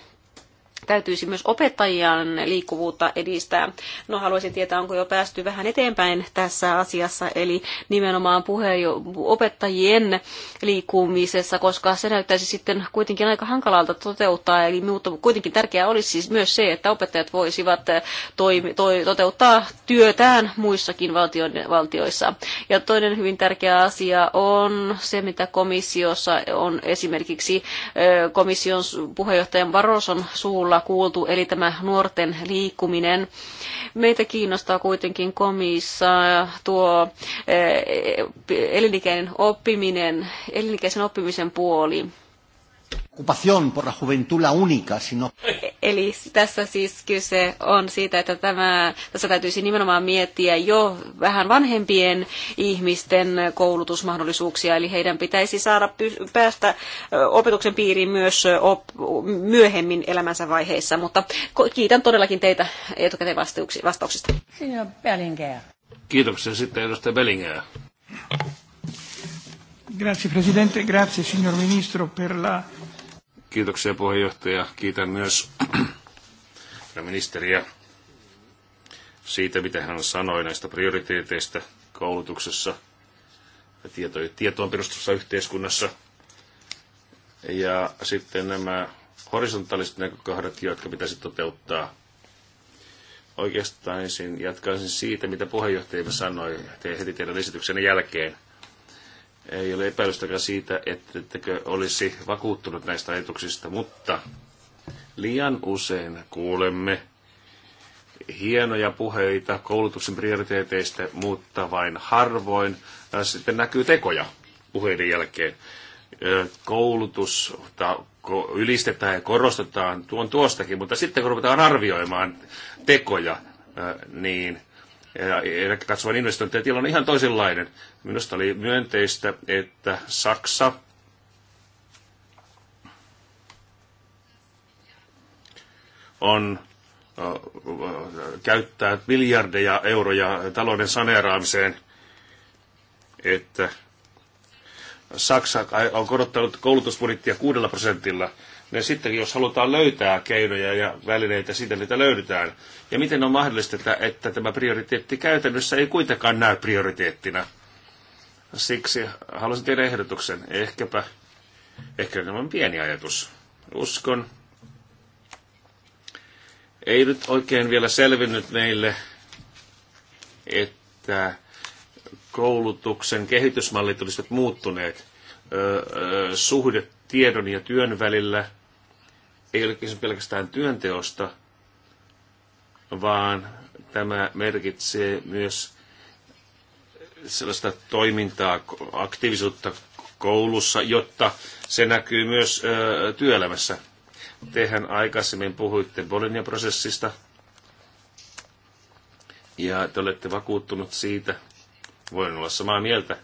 täytyisi myös opettajien liikkuvuutta edistää. No haluaisin tietää, onko jo päästy vähän eteenpäin tässä asiassa, eli nimenomaan puheenjo- opettajien liikkumisessa, koska se näyttäisi sitten kuitenkin aika hankalalta toteuttaa, eli mutta kuitenkin tärkeää olisi siis myös se, että opettajat voisivat eh, toimi, toi, toteuttaa työtään muissakin valtion, valtioissa. Ja toinen hyvin tärkeä asia on se, mitä komissiossa on esimerkiksi eh, komission puheenjohtajan Varoson suulla todella kuultu, eli tämä nuorten liikkuminen. Meitä kiinnostaa kuitenkin komissa tuo eh, elinikäinen oppiminen, elinikäisen oppimisen puoli. Ocupación por la juventud la única, sino... Eli tässä siis kyse on siitä, että tämä, tässä täytyisi nimenomaan miettiä jo vähän vanhempien ihmisten koulutusmahdollisuuksia, eli heidän pitäisi saada päästä opetuksen piiriin myös myöhemmin elämänsä vaiheissa, mutta kiitän todellakin teitä etukäteen vastauksista. Kiitoksia sitten edustaja Bellinger. Grazie Presidente, grazie signor Ministro per la Kiitoksia puheenjohtaja. Kiitän myös ministeriä siitä, mitä hän sanoi näistä prioriteeteista koulutuksessa ja tieto, tietoon perustuvassa yhteiskunnassa. Ja sitten nämä horisontaaliset näkökohdat, jotka pitäisi toteuttaa. Oikeastaan jatkaisin siitä, mitä puheenjohtaja sanoi heti teidän esityksenne jälkeen – ei ole epäilystäkään siitä, ettekö olisi vakuuttunut näistä ajatuksista, mutta liian usein kuulemme hienoja puheita koulutuksen prioriteeteista, mutta vain harvoin äh, sitten näkyy tekoja puheiden jälkeen. Koulutusta ylistetään ja korostetaan tuon tuostakin, mutta sitten kun ruvetaan arvioimaan tekoja, niin eläkekasvan investointien tilanne on ihan toisenlainen. Minusta oli myönteistä, että Saksa on käyttää miljardeja euroja talouden saneeraamiseen, että Saksa on korottanut koulutusbudjettia kuudella prosentilla – ja sitten jos halutaan löytää keinoja ja välineitä, siitä niitä löydetään. Ja miten on mahdollista, että, että tämä prioriteetti käytännössä ei kuitenkaan näy prioriteettina? Siksi haluaisin tehdä ehdotuksen. Ehkäpä, ehkä tämä on pieni ajatus. Uskon. Ei nyt oikein vielä selvinnyt meille, että koulutuksen kehitysmallit olisivat muuttuneet. öö, suhde tiedon ja työn välillä ei ole kyse pelkästään työnteosta, vaan tämä merkitsee myös sellaista toimintaa, aktiivisuutta koulussa, jotta se näkyy myös ö, työelämässä. Tehän aikaisemmin puhuitte Bolognan prosessista ja te olette vakuuttunut siitä, voin olla samaa mieltä,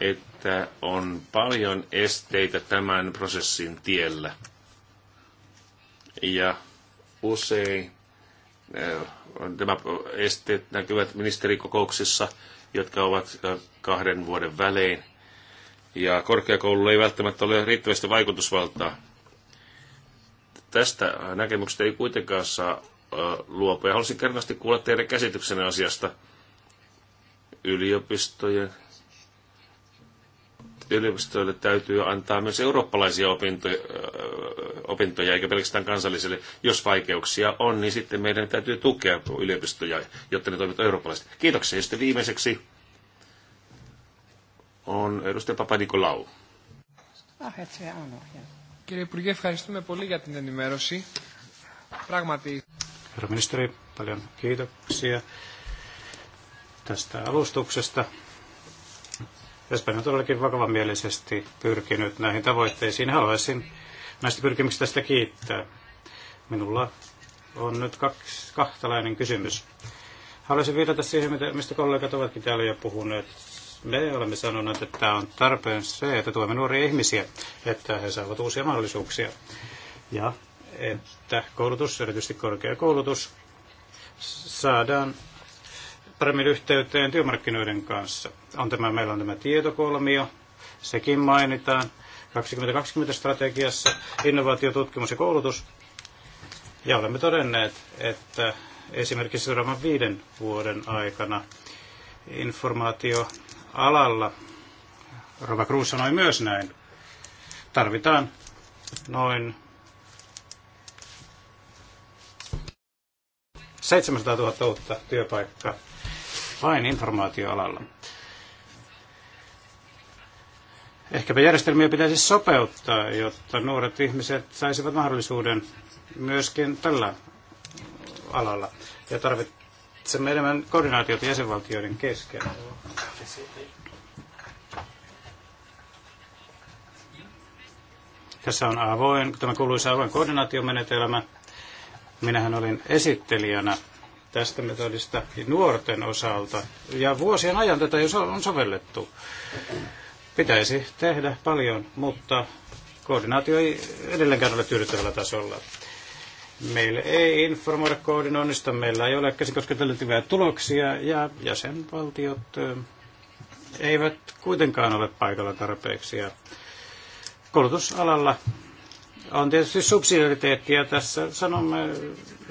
että on paljon esteitä tämän prosessin tiellä. Ja usein nämä esteet näkyvät ministerikokouksissa, jotka ovat kahden vuoden välein. Ja korkeakoululla ei välttämättä ole riittävästi vaikutusvaltaa. Tästä näkemyksestä ei kuitenkaan saa luopua. haluaisin kernaasti kuulla teidän käsityksenne asiasta yliopistojen yliopistoille täytyy antaa myös eurooppalaisia opintoja, opintoja, eikä pelkästään kansallisille. Jos vaikeuksia on, niin sitten meidän täytyy tukea yliopistoja, jotta ne toimivat eurooppalaisesti. Kiitoksia. Ja sitten viimeiseksi on edustaja Papanikolaou. Ah, Κύριε Herra ministeri, paljon kiitoksia tästä alustuksesta. Espanja on todellakin vakavamielisesti pyrkinyt näihin tavoitteisiin. Haluaisin näistä pyrkimyksistä sitä kiittää. Minulla on nyt kaksi, kahtalainen kysymys. Haluaisin viitata siihen, mistä kollegat ovatkin täällä jo puhuneet. Me olemme sanoneet, että on tarpeen se, että tuemme nuoria ihmisiä, että he saavat uusia mahdollisuuksia. Ja että koulutus, erityisesti korkeakoulutus, saadaan paremmin yhteyteen työmarkkinoiden kanssa. On tämä, meillä on tämä tietokolmio, sekin mainitaan 2020-strategiassa, innovaatio, tutkimus ja koulutus. Ja olemme todenneet, että esimerkiksi seuraavan viiden vuoden aikana informaatioalalla, Rova Cruz sanoi myös näin, tarvitaan noin 700 000 uutta työpaikkaa vain informaatioalalla. Ehkäpä järjestelmiä pitäisi sopeuttaa, jotta nuoret ihmiset saisivat mahdollisuuden myöskin tällä alalla. Ja tarvitsemme enemmän koordinaatiota jäsenvaltioiden kesken. Tässä on avoin, tämä kuuluisa avoin koordinaatiomenetelmä. Minähän olin esittelijänä tästä metodista nuorten osalta. Ja vuosien ajan tätä jo on sovellettu. Pitäisi tehdä paljon, mutta koordinaatio ei edelleenkään ole tyydyttävällä tasolla. Meille ei informoida koordinoinnista, meillä ei ole käsikosketeltyviä tuloksia ja jäsenvaltiot eivät kuitenkaan ole paikalla tarpeeksi. Ja koulutusalalla on tietysti subsidiariteettia tässä. Sanomme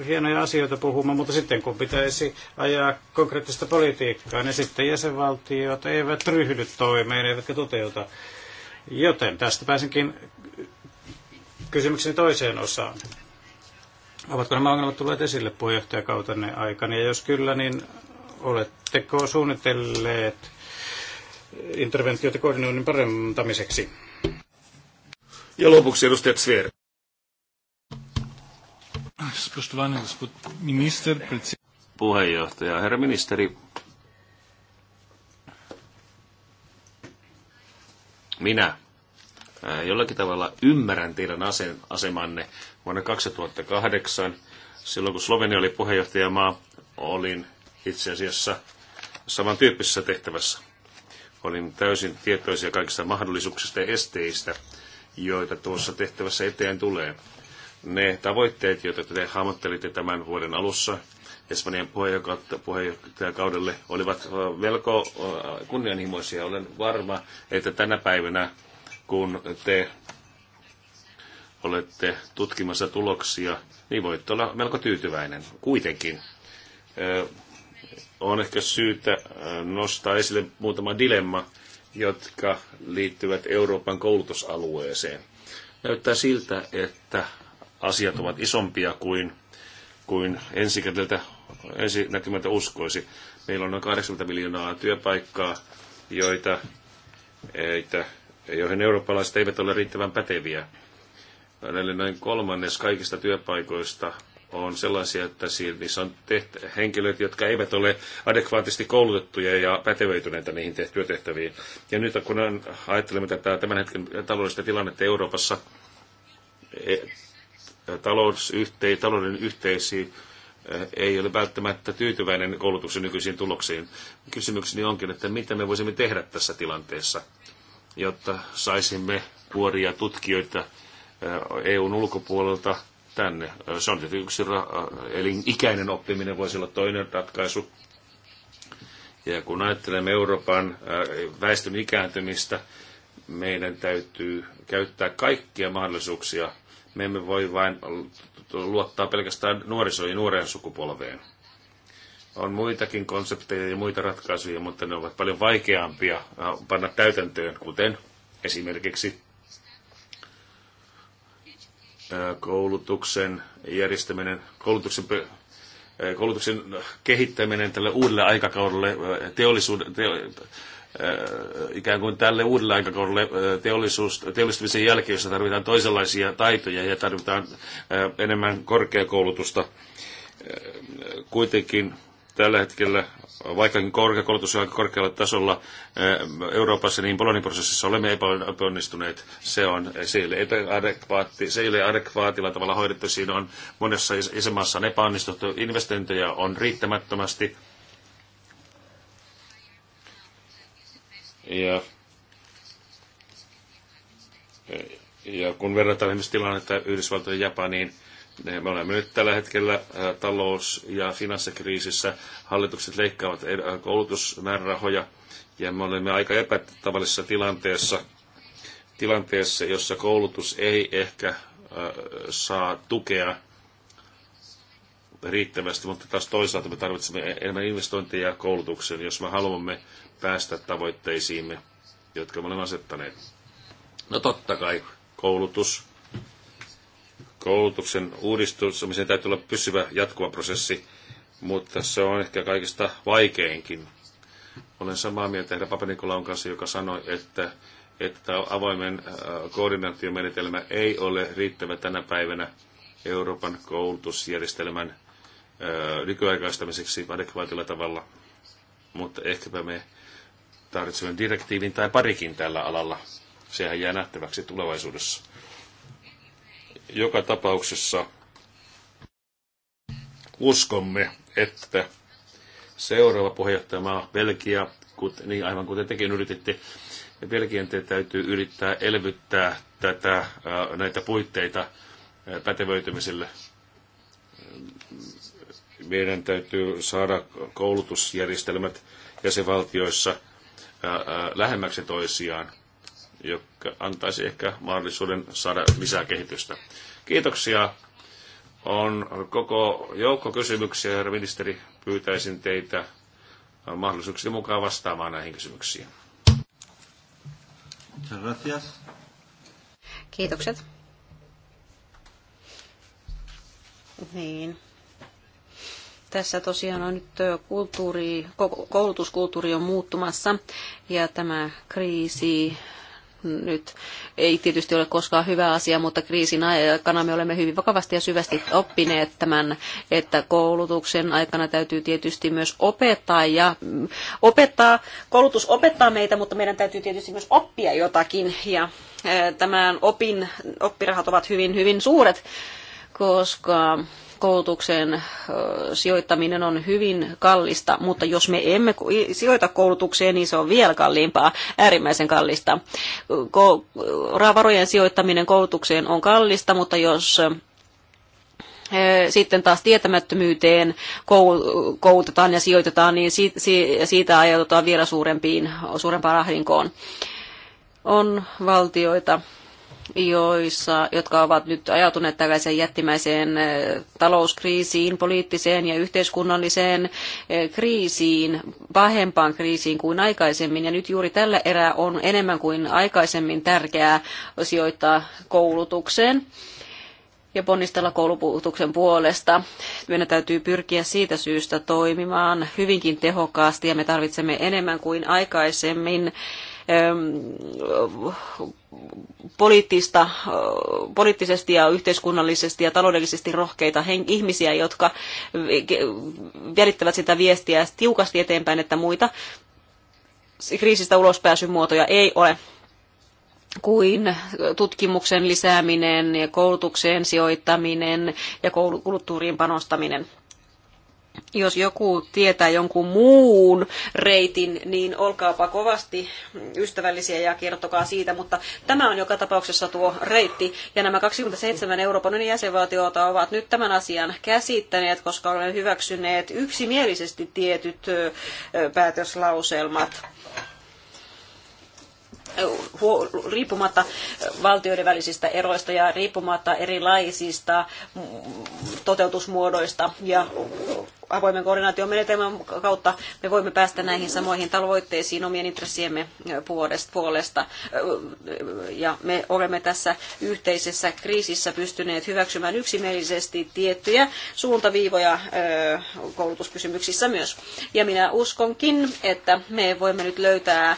hienoja asioita puhumaan, mutta sitten kun pitäisi ajaa konkreettista politiikkaa, niin sitten jäsenvaltiot eivät ryhdy toimeen, eivätkä toteuta. Joten tästä pääsenkin kysymykseni toiseen osaan. Ovatko nämä ongelmat tulleet esille puheenjohtajakautenne aikana? Ja jos kyllä, niin oletteko suunnitelleet interventioita koordinoinnin parantamiseksi? Ja lopuksi edustaja Zver. Spoštovani gospod minister, puheenjohtaja, herra ministeri. Minä äh, jollakin tavalla ymmärrän teidän asemanne vuonna 2008. Silloin kun Slovenia oli puheenjohtajamaa, olin itse asiassa samantyyppisessä tehtävässä. Olin täysin tietoisia kaikista mahdollisuuksista ja esteistä, joita tuossa tehtävässä eteen tulee. Ne tavoitteet, joita te hahmottelitte tämän vuoden alussa Espanjan puheenjohtajakaudelle, olivat melko kunnianhimoisia. Olen varma, että tänä päivänä, kun te olette tutkimassa tuloksia, niin voitte olla melko tyytyväinen. Kuitenkin on ehkä syytä nostaa esille muutama dilemma, jotka liittyvät Euroopan koulutusalueeseen. Näyttää siltä, että asiat ovat isompia kuin, kuin ensikätiltä, ensinäkymältä uskoisi. Meillä on noin 80 miljoonaa työpaikkaa, joita, joita, joihin eurooppalaiset eivät ole riittävän päteviä. Eli noin kolmannes kaikista työpaikoista on sellaisia, että niissä on tehtä- henkilöt, jotka eivät ole adekvaatisti koulutettuja ja pätevöityneitä niihin työtehtäviin. Ja nyt kun ajattelemme tätä tämän hetken taloudellista tilannetta Euroopassa, e, talousyhtei, talouden yhteisiin e, ei ole välttämättä tyytyväinen koulutuksen nykyisiin tuloksiin. Kysymykseni onkin, että mitä me voisimme tehdä tässä tilanteessa, jotta saisimme kuoria tutkijoita e, EUn ulkopuolelta tänne. Se on tietysti yksi elinikäinen oppiminen, voisi olla toinen ratkaisu. Ja kun ajattelemme Euroopan äh, väestön ikääntymistä, meidän täytyy käyttää kaikkia mahdollisuuksia. Me emme voi vain luottaa pelkästään nuorisoon ja nuoreen sukupolveen. On muitakin konsepteja ja muita ratkaisuja, mutta ne ovat paljon vaikeampia äh, panna täytäntöön, kuten esimerkiksi koulutuksen järjestäminen, koulutuksen, koulutuksen kehittäminen tälle uudelle aikakaudelle, teollisuuden, te, ikään kuin tälle uudelle aikakaudelle teollisuus, teollistumisen jälkeen, jossa tarvitaan toisenlaisia taitoja ja tarvitaan enemmän korkeakoulutusta. Kuitenkin Tällä hetkellä, vaikkakin korkeakoulutus on aika korkealla tasolla eh, Euroopassa, niin Bolonin prosessissa olemme epäonnistuneet. Se, on, se, ei ole adekvaatti, se ei ole adekvaatilla tavalla hoidettu. Siinä on monessa isämaassa epäonnistuttu. Investointeja on riittämättömästi. Ja ja kun verrataan esimerkiksi tilannetta Yhdysvaltojen ja Japaniin, niin, me olemme nyt tällä hetkellä talous- ja finanssikriisissä. Hallitukset leikkaavat koulutusmäärärahoja ja me olemme aika epätavallisessa tilanteessa, tilanteessa, jossa koulutus ei ehkä saa tukea riittävästi, mutta taas toisaalta me tarvitsemme e-, enemmän investointeja koulutukseen, jos me haluamme päästä tavoitteisiimme, jotka me olemme asettaneet. No totta kai koulutus Koulutuksen uudistumisen täytyy olla pysyvä jatkuva prosessi, mutta se on ehkä kaikista vaikeinkin. Olen samaa mieltä herra Papanikolaun kanssa, joka sanoi, että, että avoimen äh, koordinaatiomenetelmä ei ole riittävä tänä päivänä Euroopan koulutusjärjestelmän äh, nykyaikaistamiseksi adekvaatilla tavalla. Mutta ehkäpä me tarvitsemme direktiivin tai parikin tällä alalla. Sehän jää nähtäväksi tulevaisuudessa. Joka tapauksessa uskomme, että seuraava puheenjohtajamaa Belgia, kut, niin aivan kuten tekin yrititte, Belgian te täytyy yrittää elvyttää tätä, näitä puitteita pätevöitymiselle. Meidän täytyy saada koulutusjärjestelmät jäsenvaltioissa lähemmäksi toisiaan joka antaisi ehkä mahdollisuuden saada lisää kehitystä. Kiitoksia. On koko joukko kysymyksiä, herra ministeri. Pyytäisin teitä mahdollisuuksien mukaan vastaamaan näihin kysymyksiin. Kiitokset. Niin. Tässä tosiaan on nyt kulttuuri, koulutuskulttuuri on muuttumassa ja tämä kriisi nyt ei tietysti ole koskaan hyvä asia, mutta kriisin aikana me olemme hyvin vakavasti ja syvästi oppineet tämän, että koulutuksen aikana täytyy tietysti myös opettaa ja mm, opettaa, koulutus opettaa meitä, mutta meidän täytyy tietysti myös oppia jotakin ja tämän opin, oppirahat ovat hyvin, hyvin suuret, koska koulutukseen sijoittaminen on hyvin kallista, mutta jos me emme sijoita koulutukseen, niin se on vielä kalliimpaa, äärimmäisen kallista. Varojen sijoittaminen koulutukseen on kallista, mutta jos sitten taas tietämättömyyteen koulutetaan ja sijoitetaan, niin siitä ajaudutaan vielä suurempiin, suurempaan ahdinkoon. On valtioita, joissa, jotka ovat nyt ajatuneet tällaiseen jättimäiseen talouskriisiin, poliittiseen ja yhteiskunnalliseen kriisiin, pahempaan kriisiin kuin aikaisemmin. Ja nyt juuri tällä erää on enemmän kuin aikaisemmin tärkeää sijoittaa koulutukseen ja ponnistella koulupuutuksen puolesta. Meidän täytyy pyrkiä siitä syystä toimimaan hyvinkin tehokkaasti ja me tarvitsemme enemmän kuin aikaisemmin poliittista, poliittisesti ja yhteiskunnallisesti ja taloudellisesti rohkeita ihmisiä, jotka välittävät sitä viestiä tiukasti eteenpäin, että muita kriisistä ulospääsyn muotoja ei ole kuin tutkimuksen lisääminen ja koulutukseen sijoittaminen ja kulttuuriin panostaminen jos joku tietää jonkun muun reitin, niin olkaapa kovasti ystävällisiä ja kertokaa siitä, mutta tämä on joka tapauksessa tuo reitti. Ja nämä 27 Euroopan unionin jäsenvaltiota ovat nyt tämän asian käsittäneet, koska olemme hyväksyneet yksimielisesti tietyt päätöslauselmat riippumatta valtioiden välisistä eroista ja riippumatta erilaisista toteutusmuodoista ja avoimen koordinaatiomenetelmän kautta me voimme päästä näihin samoihin tavoitteisiin omien intressiemme puolesta. Ja me olemme tässä yhteisessä kriisissä pystyneet hyväksymään yksimielisesti tiettyjä suuntaviivoja koulutuskysymyksissä myös. Ja minä uskonkin, että me voimme nyt löytää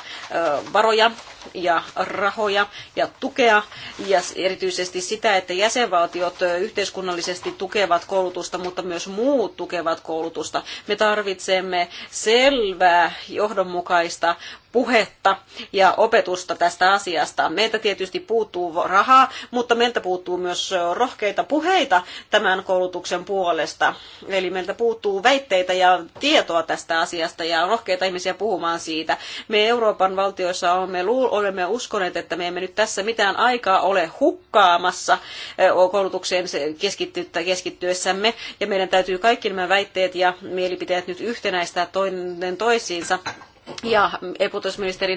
varoja ja rahoja ja tukea ja erityisesti sitä, että jäsenvaltiot yhteiskunnallisesti tukevat koulutusta, mutta myös muut tukevat koulutusta. Me tarvitsemme selvää johdonmukaista puhetta ja opetusta tästä asiasta. Meiltä tietysti puuttuu rahaa, mutta meiltä puuttuu myös rohkeita puheita tämän koulutuksen puolesta. Eli meiltä puuttuu väitteitä ja tietoa tästä asiasta ja rohkeita ihmisiä puhumaan siitä. Me Euroopan valtioissa olemme, olemme uskoneet, että me emme nyt tässä mitään aikaa ole hukkaamassa koulutukseen keskittyessämme ja meidän täytyy kaikki nämä väitteet ja mielipiteet nyt yhtenäistää toinen toisiinsa ja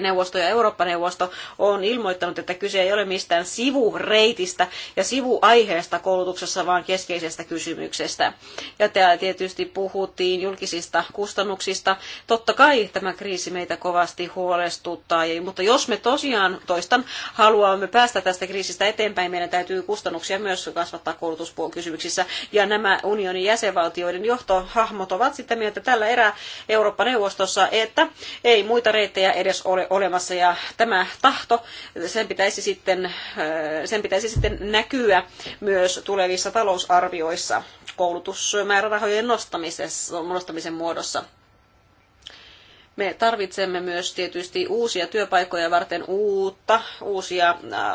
Neuvosto ja Eurooppa-neuvosto on ilmoittanut, että kyse ei ole mistään sivureitistä ja sivuaiheesta koulutuksessa, vaan keskeisestä kysymyksestä. Ja täällä tietysti puhuttiin julkisista kustannuksista. Totta kai tämä kriisi meitä kovasti huolestuttaa, mutta jos me tosiaan, toistan, haluamme päästä tästä kriisistä eteenpäin, meidän täytyy kustannuksia myös kasvattaa koulutuspuokysymyksissä. Ja nämä unionin jäsenvaltioiden johtohahmot ovat sitä mieltä tällä erää Eurooppa-neuvostossa, että ei muita reittejä edes ole olemassa ja tämä tahto, sen pitäisi sitten, sen pitäisi sitten näkyä myös tulevissa talousarvioissa koulutusmäärärahojen nostamisen muodossa. Me tarvitsemme myös tietysti uusia työpaikkoja varten uutta, uusia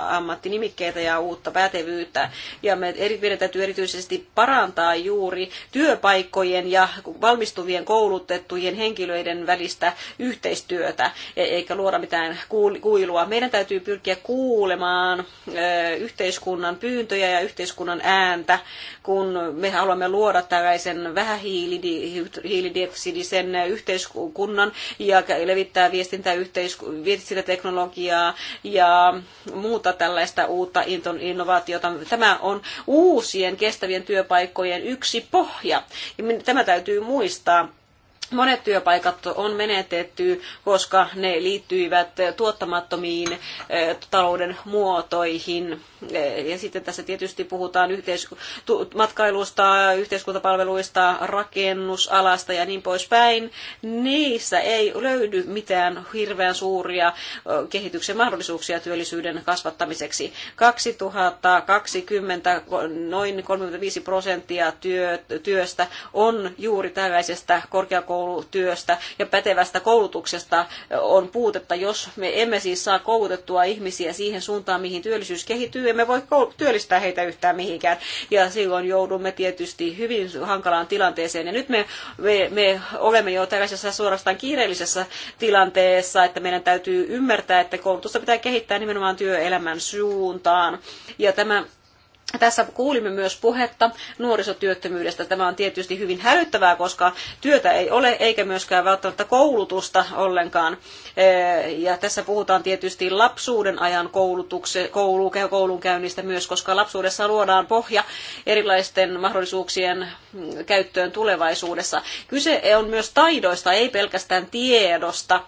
ammattinimikkeitä ja uutta pätevyyttä. Ja me eri, meidän täytyy erityisesti parantaa juuri työpaikkojen ja valmistuvien koulutettujen henkilöiden välistä yhteistyötä, e, eikä luoda mitään kuilua. Meidän täytyy pyrkiä kuulemaan yhteiskunnan pyyntöjä ja yhteiskunnan ääntä, kun me haluamme luoda tällaisen vähähiilidioksidisen yhteiskunnan, ja levittää viestintäyhteisku- viestintäteknologiaa ja muuta tällaista uutta innovaatiota. Tämä on uusien kestävien työpaikkojen yksi pohja. Tämä täytyy muistaa Monet työpaikat on menetetty, koska ne liittyivät tuottamattomiin eh, talouden muotoihin. Eh, ja sitten tässä tietysti puhutaan yhteis- matkailusta, yhteiskuntapalveluista, rakennusalasta ja niin poispäin. Niissä ei löydy mitään hirveän suuria eh, kehityksen mahdollisuuksia työllisyyden kasvattamiseksi. 2020 noin 35 prosenttia työstä on juuri tällaisesta korkeakoulutuksesta koulutyöstä ja pätevästä koulutuksesta on puutetta. Jos me emme siis saa koulutettua ihmisiä siihen suuntaan, mihin työllisyys kehittyy, emme voi työllistää heitä yhtään mihinkään. Ja silloin joudumme tietysti hyvin hankalaan tilanteeseen. Ja nyt me, me, me olemme jo tällaisessa suorastaan kiireellisessä tilanteessa, että meidän täytyy ymmärtää, että koulutusta pitää kehittää nimenomaan työelämän suuntaan. Ja tämä tässä kuulimme myös puhetta nuorisotyöttömyydestä. Tämä on tietysti hyvin hälyttävää, koska työtä ei ole eikä myöskään välttämättä koulutusta ollenkaan. Ja tässä puhutaan tietysti lapsuuden ajan koulunkäynnistä myös, koska lapsuudessa luodaan pohja erilaisten mahdollisuuksien käyttöön tulevaisuudessa. Kyse on myös taidoista, ei pelkästään tiedosta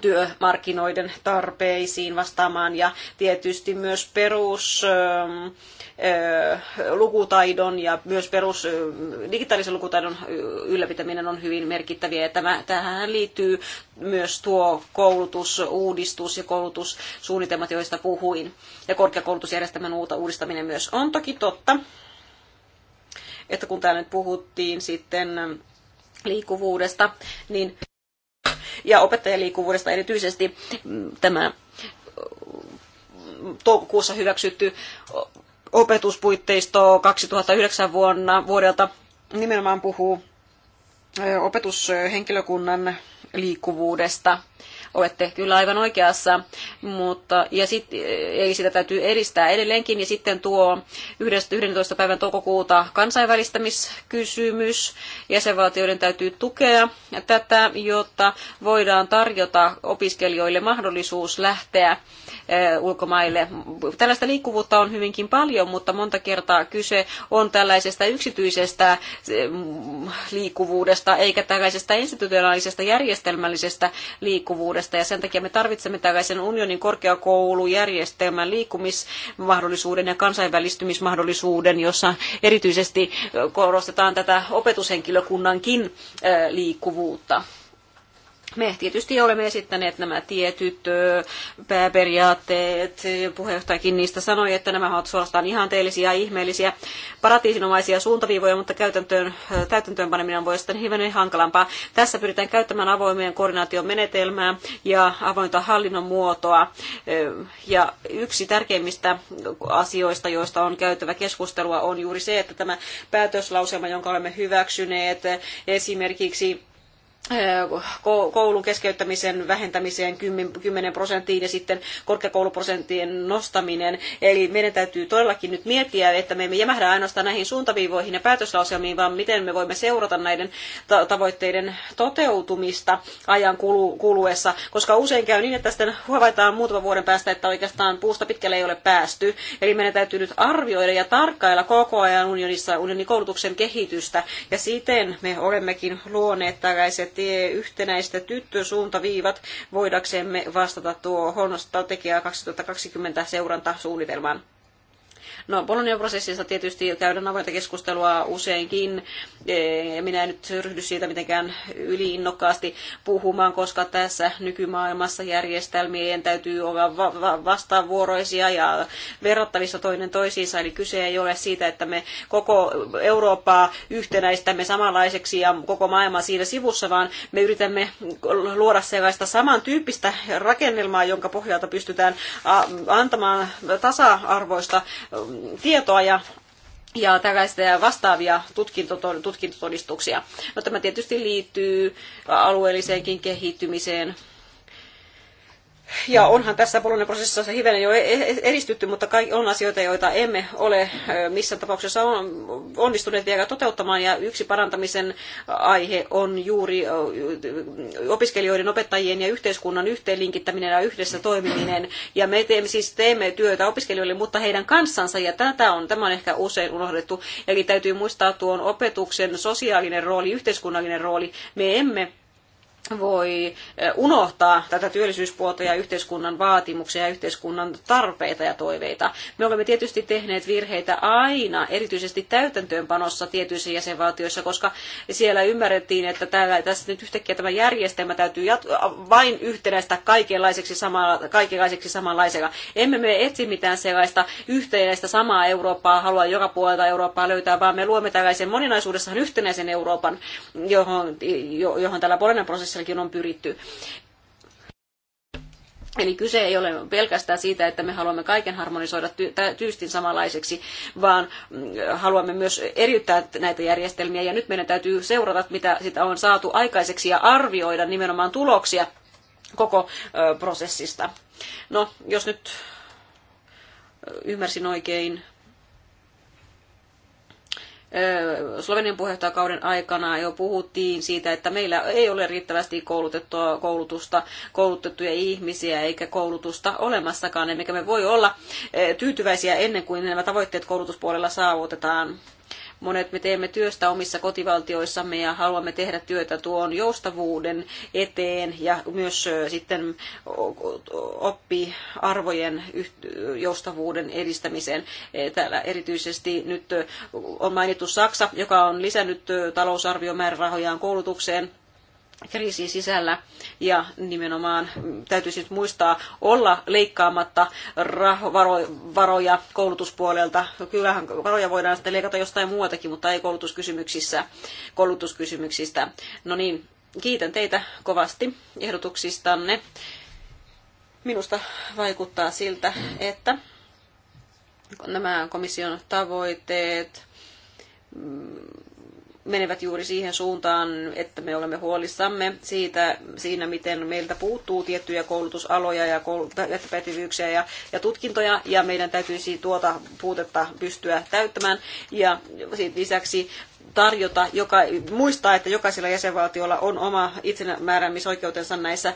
työmarkkinoiden tarpeisiin vastaamaan ja tietysti myös peruslukutaidon ähm, äh, ja myös perus äh, digitaalisen lukutaidon äh, ylläpitäminen on hyvin merkittäviä. Ja tämä, tähän liittyy myös tuo koulutusuudistus ja koulutussuunnitelmat, joista puhuin. Ja korkeakoulutusjärjestelmän uuta uudistaminen myös on toki totta, että kun täällä nyt puhuttiin sitten liikkuvuudesta, niin ja opettajaliikkuvuudesta erityisesti mm, tämä toukokuussa hyväksytty opetuspuitteisto 2009 vuonna vuodelta nimenomaan puhuu opetushenkilökunnan liikkuvuudesta Olette kyllä aivan oikeassa, mutta ja sit, eh, eli sitä täytyy edistää edelleenkin. Ja sitten tuo 11. päivän toukokuuta kansainvälistämiskysymys. Jäsenvaltioiden täytyy tukea tätä, jotta voidaan tarjota opiskelijoille mahdollisuus lähteä eh, ulkomaille. Tällaista liikkuvuutta on hyvinkin paljon, mutta monta kertaa kyse on tällaisesta yksityisestä eh, liikkuvuudesta eikä tällaisesta institutionaalisesta järjestelmällisestä liikkuvuudesta tulevaisuudesta ja sen takia me tarvitsemme tällaisen unionin korkeakoulujärjestelmän liikkumismahdollisuuden ja kansainvälistymismahdollisuuden, jossa erityisesti korostetaan tätä opetushenkilökunnankin liikkuvuutta. Me tietysti olemme esittäneet nämä tietyt pääperiaatteet. Puheenjohtajakin niistä sanoi, että nämä ovat suorastaan ihanteellisia, ihmeellisiä, paratiisinomaisia suuntaviivoja, mutta käytäntöön, täytäntöönpaneminen on voi sitten hivenen hankalampaa. Tässä pyritään käyttämään avoimien koordinaation menetelmää ja avointa hallinnon muotoa. Ja yksi tärkeimmistä asioista, joista on käytävä keskustelua, on juuri se, että tämä päätöslauselma, jonka olemme hyväksyneet, esimerkiksi koulun keskeyttämisen vähentämiseen 10 prosenttiin ja sitten korkeakouluprosenttien nostaminen. Eli meidän täytyy todellakin nyt miettiä, että me emme jämähdä ainoastaan näihin suuntaviivoihin ja päätöslauselmiin, vaan miten me voimme seurata näiden tavoitteiden toteutumista ajan kuluessa, koska usein käy niin, että sitten havaitaan muutaman vuoden päästä, että oikeastaan puusta pitkälle ei ole päästy. Eli meidän täytyy nyt arvioida ja tarkkailla koko ajan unionissa unionin koulutuksen kehitystä ja siten me olemmekin luoneet tällaiset tie yhtenäistä tyttösuuntaviivat voidaksemme vastata tuohon strategiaa 2020 seurantasuunnitelmaan. No Bolonian prosessissa tietysti käydään avointa keskustelua useinkin. E, minä en nyt ryhdy siitä mitenkään yliinnokkaasti puhumaan, koska tässä nykymaailmassa järjestelmien täytyy olla va- va- vastavuoroisia ja verrattavissa toinen toisiinsa. Eli kyse ei ole siitä, että me koko Eurooppaa yhtenäistämme samanlaiseksi ja koko maailma siinä sivussa, vaan me yritämme luoda sellaista samantyyppistä rakennelmaa, jonka pohjalta pystytään antamaan tasa-arvoista tietoa ja ja tällaisia vastaavia tutkintotodistuksia. No, tämä tietysti liittyy alueelliseenkin kehittymiseen ja onhan tässä Bolognan prosessissa hivenen jo edistytty, e- e- mutta on asioita, joita emme ole missään tapauksessa onnistuneet vielä toteuttamaan. Ja yksi parantamisen aihe on juuri opiskelijoiden, opettajien ja yhteiskunnan yhteenlinkittäminen ja yhdessä toimiminen. Ja me teemme, siis teemme työtä opiskelijoille, mutta heidän kanssansa. Ja tätä on, tämä on ehkä usein unohdettu. Eli täytyy muistaa tuon opetuksen sosiaalinen rooli, yhteiskunnallinen rooli. Me emme voi unohtaa tätä työllisyyspuolta ja yhteiskunnan vaatimuksia ja yhteiskunnan tarpeita ja toiveita. Me olemme tietysti tehneet virheitä aina, erityisesti täytäntöönpanossa tietyissä jäsenvaltioissa, koska siellä ymmärrettiin, että täällä, tässä nyt yhtäkkiä tämä järjestelmä täytyy vain yhtenäistä kaikenlaiseksi, sama, kaikenlaiseksi samanlaisena. Emme me etsi mitään sellaista yhteenäistä samaa Eurooppaa, halua joka puolelta Eurooppaa löytää, vaan me luomme tällaisen moninaisuudessaan yhtenäisen Euroopan, johon, johon tällä Bolognan prosessilla Euroopassakin on pyritty. Eli kyse ei ole pelkästään siitä, että me haluamme kaiken harmonisoida tyystin samanlaiseksi, vaan mm, haluamme myös eriyttää näitä järjestelmiä. Ja nyt meidän täytyy seurata, mitä sitä on saatu aikaiseksi ja arvioida nimenomaan tuloksia koko prosessista. No, jos nyt ymmärsin oikein Slovenian puheenjohtajakauden aikana jo puhuttiin siitä, että meillä ei ole riittävästi koulutettua koulutusta, koulutettuja ihmisiä eikä koulutusta olemassakaan, emmekä me voi olla tyytyväisiä ennen kuin nämä tavoitteet koulutuspuolella saavutetaan. Monet me teemme työstä omissa kotivaltioissamme ja haluamme tehdä työtä tuon joustavuuden eteen ja myös sitten oppiarvojen joustavuuden edistämiseen. E, täällä erityisesti nyt on mainittu Saksa, joka on lisännyt talousarviomäärärahojaan määrärahojaan koulutukseen kriisin sisällä ja nimenomaan täytyy siis muistaa olla leikkaamatta varoja koulutuspuolelta. Kyllähän varoja voidaan sitten leikata jostain muualtakin, mutta ei koulutuskysymyksissä, koulutuskysymyksistä. No niin, kiitän teitä kovasti ehdotuksistanne. Minusta vaikuttaa siltä, että nämä komission tavoitteet mm, menevät juuri siihen suuntaan, että me olemme huolissamme siitä, siinä, miten meiltä puuttuu tiettyjä koulutusaloja ja pätevyyksiä ja, ja tutkintoja, ja meidän täytyisi tuota puutetta pystyä täyttämään. Ja lisäksi tarjota, joka, muistaa, että jokaisella jäsenvaltiolla on oma itsemääräämisoikeutensa näissä,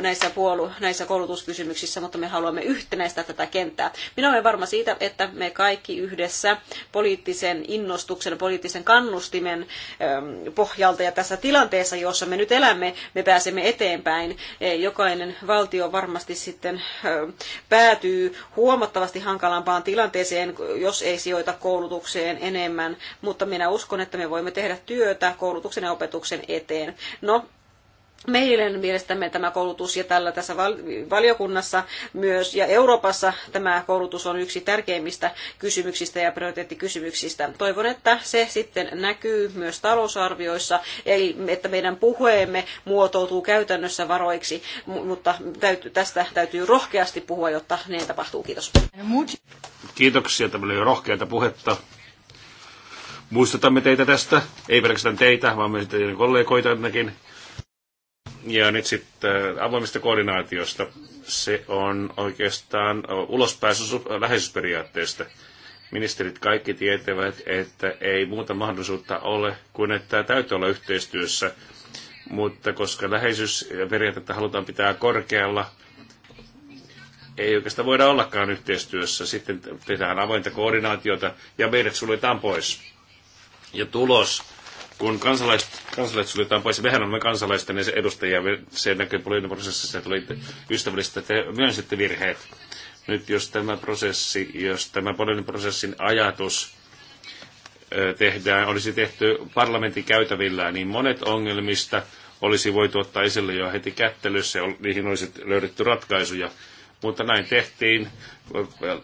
näissä, puolu, näissä koulutuskysymyksissä, mutta me haluamme yhtenäistää tätä kenttää. Minä olen varma siitä, että me kaikki yhdessä poliittisen innostuksen, poliittisen kannustimen ähm, pohjalta ja tässä tilanteessa, jossa me nyt elämme, me pääsemme eteenpäin. E, jokainen valtio varmasti sitten ähm, päätyy huomattavasti hankalampaan tilanteeseen, jos ei sijoita koulutukseen enemmän, mutta minä uskon, että me voimme tehdä työtä koulutuksen ja opetuksen eteen. No, meidän mielestämme tämä koulutus ja tällä tässä valiokunnassa myös ja Euroopassa tämä koulutus on yksi tärkeimmistä kysymyksistä ja prioriteettikysymyksistä. Toivon, että se sitten näkyy myös talousarvioissa, eli että meidän puheemme muotoutuu käytännössä varoiksi, mutta täytyy, tästä täytyy rohkeasti puhua, jotta ne tapahtuu. Kiitos. Kiitoksia, tämä oli rohkeata puhetta. Muistutamme teitä tästä, ei pelkästään teitä, vaan myös teidän kollegoitannekin. Ja nyt sitten avoimesta koordinaatiosta. Se on oikeastaan ulospääsy läheisyysperiaatteesta. Ministerit kaikki tietävät, että ei muuta mahdollisuutta ole kuin että täytyy olla yhteistyössä. Mutta koska läheisyysperiaatetta halutaan pitää korkealla, ei oikeastaan voida ollakaan yhteistyössä. Sitten tehdään avointa koordinaatiota ja meidät suljetaan pois ja tulos, kun kansalaiset, kansalaiset suljetaan pois, mehän olemme kansalaisten edustajia, se näkyy prosessissa, että oli ystävällistä, että myönsitte virheet. Nyt jos tämä prosessi, jos tämä poliittinen prosessin ajatus tehdään, olisi tehty parlamentin käytävillä, niin monet ongelmista olisi voitu ottaa esille jo heti kättelyssä niihin olisi löydetty ratkaisuja. Mutta näin tehtiin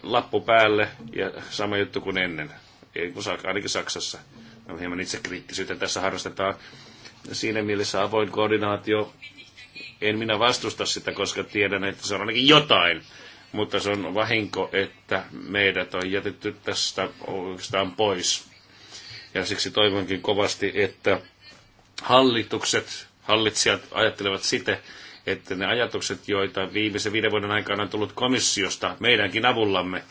lappu päälle ja sama juttu kuin ennen, ainakin Saksassa. No, hieman kriittisyyttä tässä harrastetaan. Siinä mielessä avoin koordinaatio, en minä vastusta sitä, koska tiedän, että se on ainakin jotain. Mutta se on vahinko, että meidät on jätetty tästä oikeastaan pois. Ja siksi toivonkin kovasti, että hallitukset, hallitsijat ajattelevat sitä, että ne ajatukset, joita viimeisen viiden vuoden aikana on tullut komissiosta meidänkin avullamme,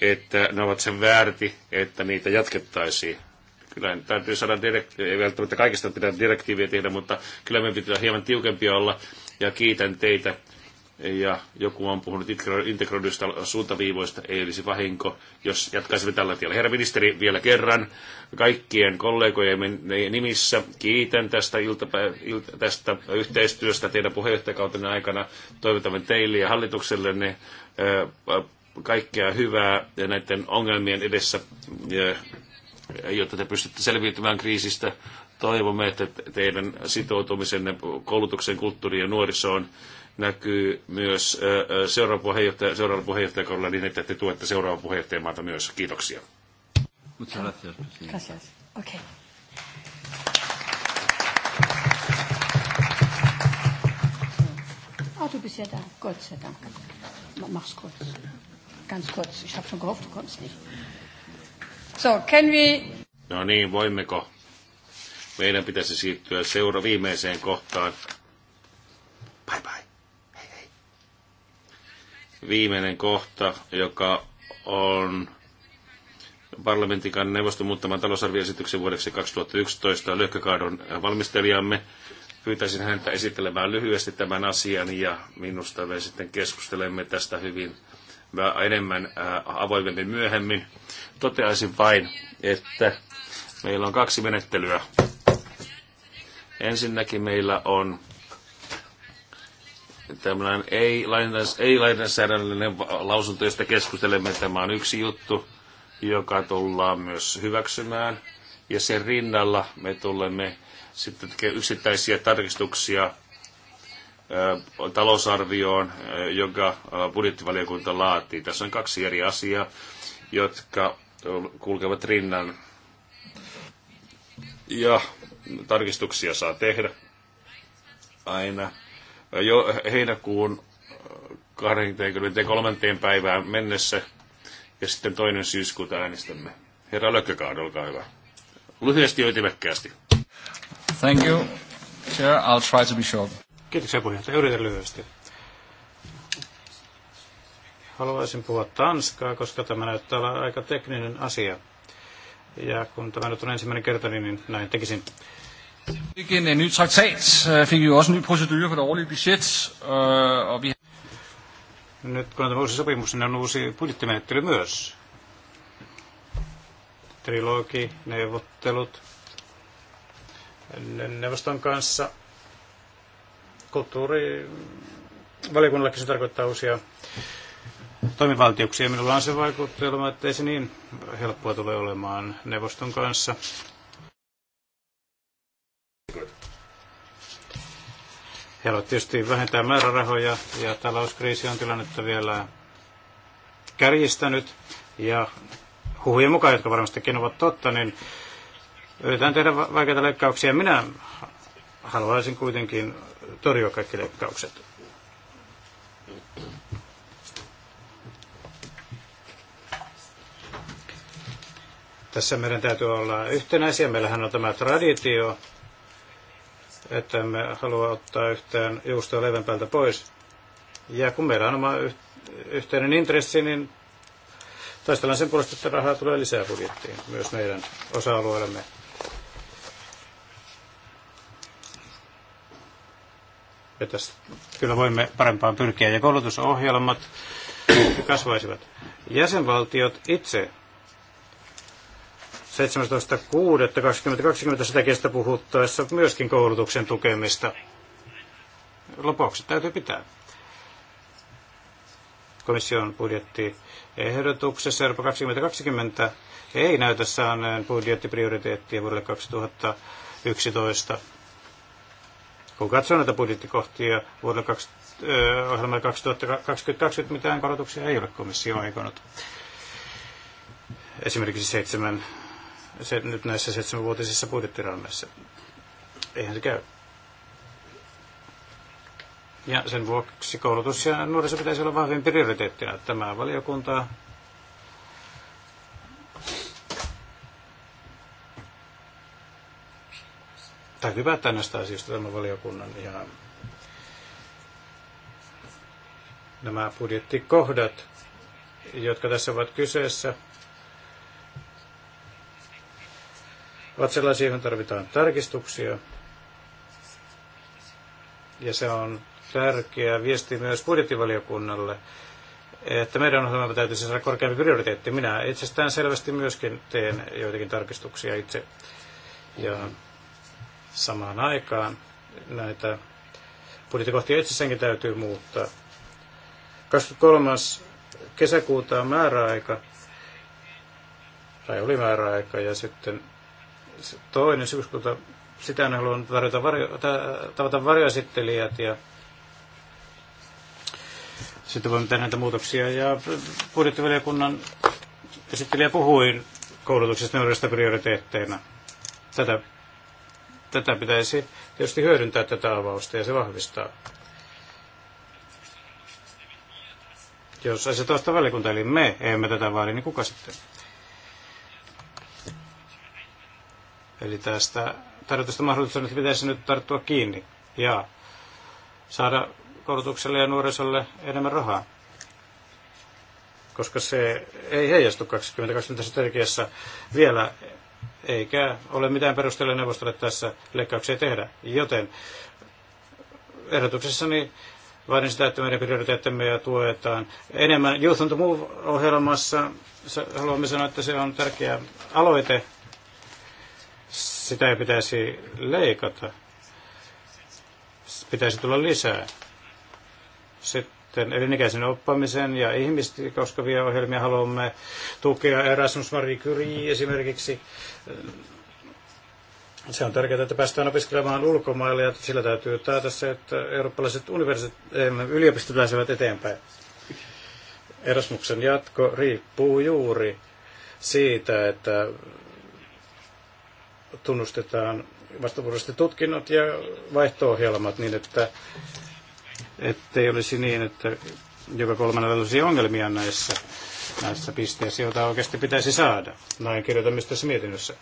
että ne ovat sen väärti, että niitä jatkettaisiin. Kyllä täytyy saada direktiiviä, ei välttämättä kaikista pitää direktiiviä tehdä, mutta kyllä meidän pitää hieman tiukempia olla. Ja kiitän teitä. Ja joku on puhunut integroidusta suuntaviivoista. Ei olisi vahinko, jos jatkaisimme tällä tiellä. Herra ministeri, vielä kerran kaikkien kollegojen nimissä kiitän tästä, iltapä- tästä yhteistyöstä teidän puheenjohtajakautenne aikana. Toivotamme teille ja hallituksellenne kaikkea hyvää näiden ongelmien edessä jotta te pystytte selviytymään kriisistä. Toivomme, että teidän sitoutumisenne koulutuksen, kulttuuriin ja nuorisoon näkyy myös seuraavalla puheenjohtaja, seuraavalla puheenjohtajakaudella niin, että te tuette puheenjohtajan maata myös. Kiitoksia. Gracias. Okay. Ah, du bist ja da. Gott sei Dank. Mach's kurz. Ganz kurz. Ich habe schon gehofft, du kommst nicht. So, can we... No niin, voimmeko? Meidän pitäisi siirtyä seura viimeiseen kohtaan. Bye bye. Hei hei. Viimeinen kohta, joka on parlamentin neuvoston muuttaman talousarvioesityksen vuodeksi 2011 lyhkäkaadon valmistelijamme. Pyytäisin häntä esittelemään lyhyesti tämän asian ja minusta me sitten keskustelemme tästä hyvin enemmän avoimemmin myöhemmin. Toteaisin vain, että meillä on kaksi menettelyä. Ensinnäkin meillä on tämmöinen ei-lainsäädännöllinen lausunto, josta keskustelemme. Tämä on yksi juttu, joka tullaan myös hyväksymään. Ja sen rinnalla me tulemme sitten tekemään yksittäisiä tarkistuksia talousarvioon, jonka budjettivaliokunta laatii. Tässä on kaksi eri asiaa, jotka kulkevat rinnan. Ja tarkistuksia saa tehdä aina jo heinäkuun 23. päivään mennessä ja sitten toinen syyskuuta äänestämme. Herra Lökkökaad, olkaa hyvä. Lyhyesti ja ytimekkäästi. Thank you. Chair, I'll try to be short. Kiitoksia puheenjohtaja. Yritän lyhyesti. Haluaisin puhua Tanskaa, koska tämä näyttää olla aika tekninen asia. Ja kun tämä nyt on ensimmäinen kerta, niin, niin näin tekisin. Fik en ny traktat, fik vi også en ny procedure for det årlige budget, øh, og vi... Nyt kun on tämä uusi sopimus, niin on uusi budjettimenettely myös. Trilogi, neuvottelut neuvoston kanssa. Kulttuurivaliokunnallakin se tarkoittaa uusia toimivaltiuksia. Minulla on se vaikutelma, että ei se niin helppoa tule olemaan neuvoston kanssa. He ovat tietysti vähentää määrärahoja ja talouskriisi on tilannetta vielä kärjistänyt. Ja huhujen mukaan, jotka varmastikin ovat totta, niin yritetään tehdä vaikeita leikkauksia. Minä haluaisin kuitenkin torjua kaikki leikkaukset. Tässä meidän täytyy olla yhtenäisiä. Meillähän on tämä traditio, että me halua ottaa yhteen juustoa leivän päältä pois. Ja kun meillä on oma yhteinen intressi, niin taistellaan sen puolesta, että rahaa tulee lisää budjettiin myös meidän osa-alueellemme. Ja kyllä voimme parempaan pyrkiä. Ja koulutusohjelmat kasvaisivat. Jäsenvaltiot itse 17.6.2020 strategiasta puhuttaessa myöskin koulutuksen tukemista. Lopuksi täytyy pitää. Komission budjettiehdotuksessa Euroopan 2020 ei näytä saaneen budjettiprioriteettia vuodelle 2011. Kun katsoo näitä budjettikohtia vuodelle 20, ohjelmalle 2020, mitään korotuksia ei ole komissio aikonut esimerkiksi 7 se, nyt näissä seitsemänvuotisissa budjettiraameissa. Eihän se käy. Ja sen vuoksi koulutus ja nuoriso pitäisi olla vahvin prioriteettina. Tämä valiokunta täytyy päättää näistä asioista tämän valiokunnan ja nämä budjettikohdat, jotka tässä ovat kyseessä, ovat sellaisia, joihin tarvitaan tarkistuksia. Ja se on tärkeä viesti myös budjettivaliokunnalle, että meidän ohjelmamme täytyisi saada korkeampi prioriteetti. Minä itsestään selvästi myöskin teen joitakin tarkistuksia itse. Ja samaan aikaan näitä budjettikohtia itsessäänkin täytyy muuttaa. 23. kesäkuuta on määräaika, tai oli määräaika, ja sitten toinen syyskuuta, sitä on halunnut varjota, varjo, tavata varjoesittelijät ja sitten voimme tehdä näitä muutoksia. Ja budjettivaliokunnan esittelijä puhui koulutuksesta nuorista prioriteetteina. Tätä, tätä pitäisi tietysti hyödyntää tätä avausta ja se vahvistaa. Jos asiatoista valiokunta, eli me emme tätä vaadi, niin kuka sitten? Eli tästä tarjotusta mahdollisuudesta pitäisi nyt tarttua kiinni ja saada koulutukselle ja nuorisolle enemmän rahaa, koska se ei heijastu 2020 strategiassa vielä, eikä ole mitään perusteella neuvostolle tässä leikkauksia tehdä. Joten ehdotuksessani vaadin sitä, että meidän prioriteettemme ja tuetaan enemmän. Youth on the Move-ohjelmassa haluamme sanoa, että se on tärkeä aloite sitä ei pitäisi leikata. Pitäisi tulla lisää. Sitten elinikäisen oppamisen ja ihmisten koskevia ohjelmia haluamme tukea. Erasmus Marie Curie esimerkiksi. Se on tärkeää, että päästään opiskelemaan ulkomaille ja sillä täytyy taata se, että eurooppalaiset eh, yliopistot pääsevät eteenpäin. Erasmuksen jatko riippuu juuri siitä, että tunnustetaan vastavuoroisesti tutkinnot ja vaihto-ohjelmat niin, että ettei olisi niin, että joka kolmannella olisi ongelmia näissä, näissä pisteissä, joita oikeasti pitäisi saada. Näin kirjoitan myös tässä mietinnössä.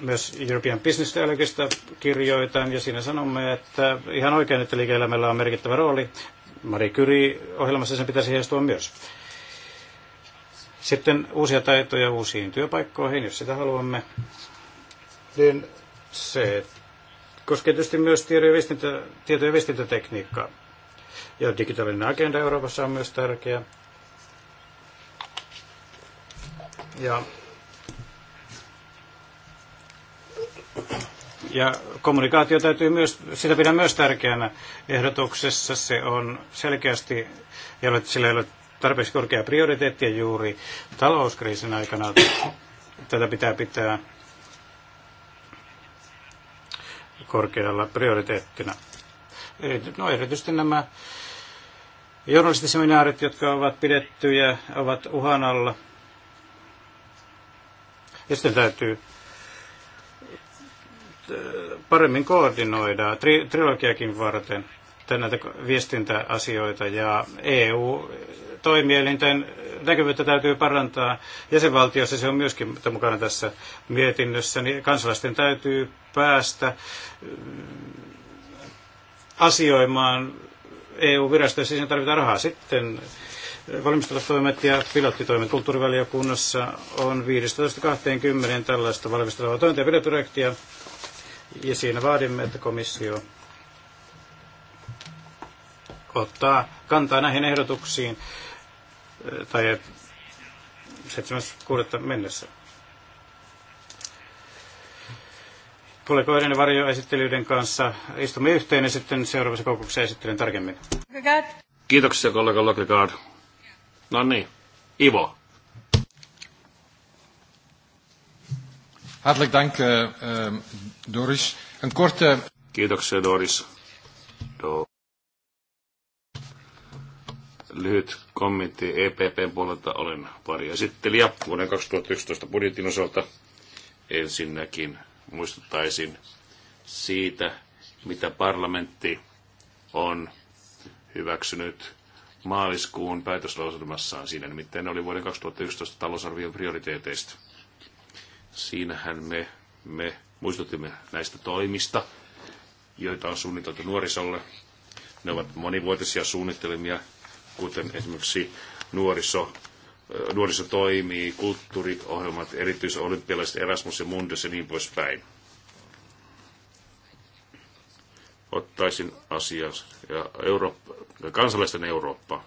Myös European Business Dialogista kirjoitan ja siinä sanomme, että ihan oikein, että liike-elämällä on merkittävä rooli. Marie Curie-ohjelmassa sen pitäisi heistua myös sitten uusia taitoja uusiin työpaikkoihin, jos sitä haluamme, niin se koskee tietysti myös tieto- ja, ja viestintätekniikkaa. Ja digitaalinen agenda Euroopassa on myös tärkeä. Ja, ja kommunikaatio täytyy myös, sitä pidän myös tärkeänä ehdotuksessa. Se on selkeästi, ja sillä ei ole tarpeeksi korkea prioriteetti ja juuri talouskriisin aikana tätä pitää pitää korkealla prioriteettina. No erityisesti nämä journalistiseminaarit, jotka ovat pidettyjä, ovat uhan alla. Ja sitten täytyy äh, paremmin koordinoida tri- trilogiakin varten näitä viestintäasioita ja EU toimielinten näkyvyyttä täytyy parantaa jäsenvaltiossa, se on myöskin mukana tässä mietinnössä, niin kansalaisten täytyy päästä mm, asioimaan EU-virastoissa, siihen tarvitaan rahaa. Sitten valmistelutoimet ja pilottitoimet kulttuurivaliokunnassa on 15-20 tällaista valmistelua tointa ja pilottiprojektia, ja siinä vaadimme, että komissio ottaa kantaa näihin ehdotuksiin Eh, tai 7.6. mennessä. kollegoiden varjo esittelyiden kanssa istumme yhteen ja sitten seuraavassa kokouksessa esittelen tarkemmin. Kiitoksia kollega Lokegaard. No niin, Ivo. Hartelijk dank, eh, eh, Doris. Een korte... Kiitoksia, Doris. lyhyt kommentti EPPn puolelta. Olen pari esittelijä vuoden 2011 budjetin osalta. Ensinnäkin muistuttaisin siitä, mitä parlamentti on hyväksynyt maaliskuun päätöslauselmassaan. Siinä nimittäin oli vuoden 2011 talousarvion prioriteeteista. Siinähän me, me muistutimme näistä toimista, joita on suunniteltu nuorisolle. Ne ovat monivuotisia suunnitelmia, kuten esimerkiksi nuoriso, nuoriso toimii, kulttuuriohjelmat, erityisen olympialaiset Erasmus ja Mundus ja niin poispäin. Ottaisin asias ja Eurooppa, kansalaisten Eurooppa.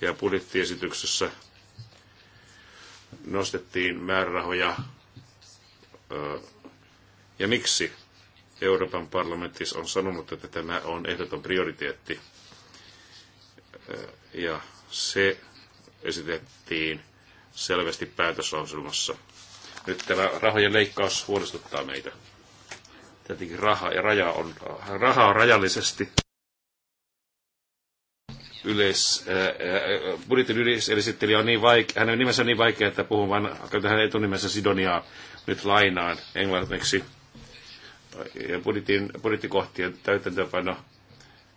Ja budjettiesityksessä nostettiin määrärahoja. Ja miksi? Euroopan parlamentissa on sanonut, että tämä on ehdoton prioriteetti. Ja se esitettiin selvästi päätöslauselmassa. Nyt tämä rahojen leikkaus huolestuttaa meitä. Tietenkin raha ja raja on, raha on rajallisesti yleis, äh, budjetin yleisesittelijä on niin vaikea, hänen nimensä on niin vaikea, että puhun vain, käytän hänen etunimensä Sidoniaa nyt lainaan englanniksi budjetin, budjettikohtien täytäntöpano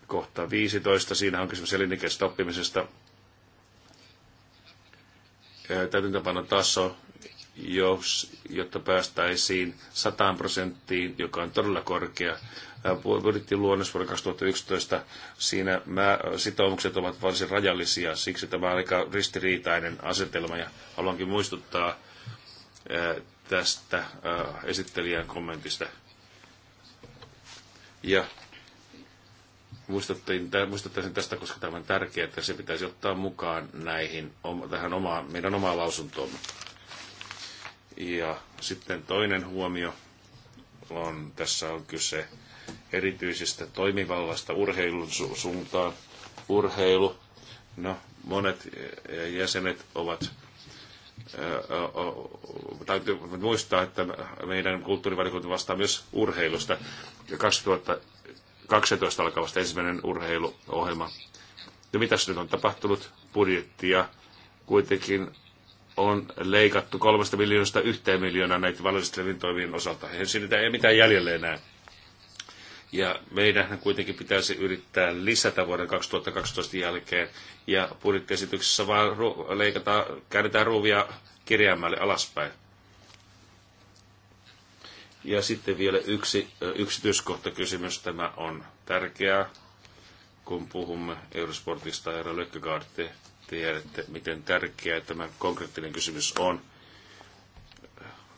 kohta 15. Siinä on kysymys elinikäisestä oppimisesta. Täytäntöönpanon taso, jos, jotta päästäisiin 100 prosenttiin, joka on todella korkea. luonnos vuonna 2011, siinä mä, sitoumukset ovat varsin rajallisia, siksi tämä on aika ristiriitainen asetelma ja haluankin muistuttaa tästä esittelijän kommentista – ja muistuttaisin tästä, koska tämä on tärkeää, että se pitäisi ottaa mukaan näihin, tähän omaan, meidän omaan lausuntoomme. Ja sitten toinen huomio on, tässä on kyse erityisestä toimivallasta urheilun su- suuntaan. Urheilu, no monet eh, jäsenet ovat täytyy muistaa, että meidän kulttuurivaliokunta vastaa myös urheilusta. 2012 alkavasta ensimmäinen urheiluohjelma. No mitä nyt on tapahtunut? Budjettia kuitenkin on leikattu kolmesta miljoonasta yhteen miljoonaa näitä valmistelevin toimien osalta. Ei ei mitään jäljelle enää. Ja meidän kuitenkin pitäisi yrittää lisätä vuoden 2012 jälkeen. Ja budjettiesityksessä vaan leikataan, käännetään ruuvia kirjaimälle alaspäin. Ja sitten vielä yksi kysymys, Tämä on tärkeää, kun puhumme Eurosportista. ja Lökkögaard, te tiedätte, miten tärkeää tämä konkreettinen kysymys on.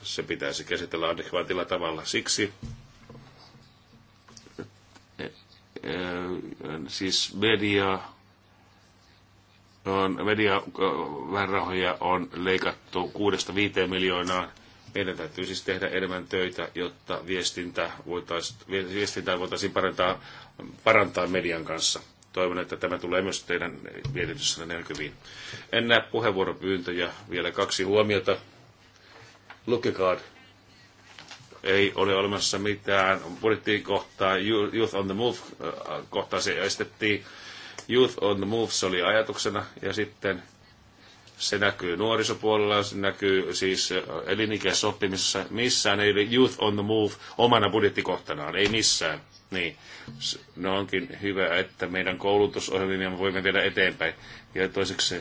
Se pitäisi käsitellä adekvaatilla tavalla. Siksi Äh, siis media, on, media äh, mediaväärärahoja on leikattu 6-5 miljoonaa. Meidän täytyy siis tehdä enemmän töitä, jotta viestintä voitaisiin, viestintää voitaisiin parantaa, parantaa median kanssa. Toivon, että tämä tulee myös teidän mietityssänne näkyviin. En näe puheenvuoropyyntöjä. Vielä kaksi huomiota. Lukekaa ei ole olemassa mitään budjettiin kohtaa. Youth on the Move äh, kohtaa se estettiin. Youth on the Move se oli ajatuksena ja sitten se näkyy nuorisopuolella, se näkyy siis äh, elinikäisoppimisessa. Missään ei ole Youth on the Move omana budjettikohtanaan, ei missään. Niin, no onkin hyvä, että meidän koulutusohjelmia voimme viedä eteenpäin. Ja toiseksi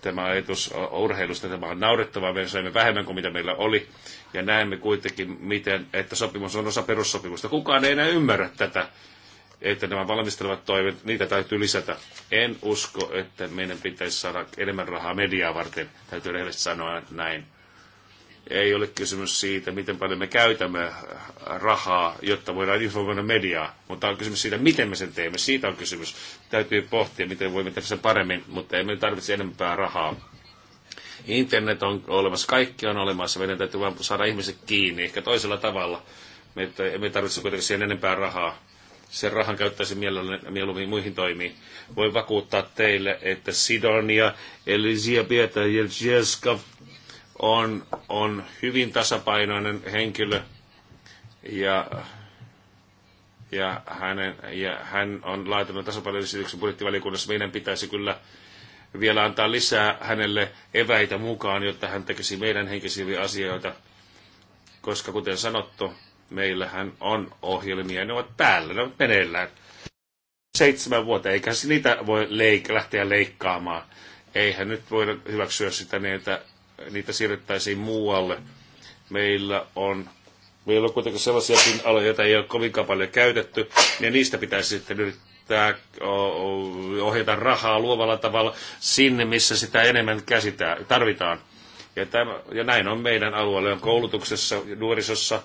tämä ajatus urheilusta, tämä on naurettavaa, me saimme vähemmän kuin mitä meillä oli, ja näemme kuitenkin, miten, että sopimus on osa perussopimusta. Kukaan ei enää ymmärrä tätä, että nämä valmistelevat toimet, niitä täytyy lisätä. En usko, että meidän pitäisi saada enemmän rahaa mediaa varten, täytyy rehellisesti sanoa näin. Ei ole kysymys siitä, miten paljon me käytämme rahaa, jotta voidaan informoida mediaa, mutta on kysymys siitä, miten me sen teemme. Siitä on kysymys. Täytyy pohtia, miten voimme tehdä sen paremmin, mutta emme tarvitse enempää rahaa. Internet on olemassa, kaikki on olemassa, meidän täytyy vain saada ihmiset kiinni, ehkä toisella tavalla. Me emme tarvitse kuitenkin siihen enempää rahaa sen rahan käyttäisi mieluummin muihin toimiin. Voin vakuuttaa teille, että Sidonia, Elisia ja Jeskav, on, on hyvin tasapainoinen henkilö ja, ja, hänen, ja hän on laitunut tasapainoisen esityksen budjettivaliokunnassa. Meidän pitäisi kyllä vielä antaa lisää hänelle eväitä mukaan, jotta hän tekisi meidän henkisiä asioita, koska kuten sanottu, meillähän on ohjelmia, ne ovat päällä, ne ovat meneillään. Seitsemän vuotta, eikä niitä voi leik- lähteä leikkaamaan. Eihän nyt voida hyväksyä sitä niin, että niitä siirrettäisiin muualle. Meillä on Meillä on kuitenkin sellaisiakin aloja, joita ei ole kovinkaan paljon käytetty, ja niistä pitäisi sitten yrittää ohjata rahaa luovalla tavalla sinne, missä sitä enemmän käsitää tarvitaan. Ja, tämä, ja näin on meidän alueella, on koulutuksessa, nuorisossa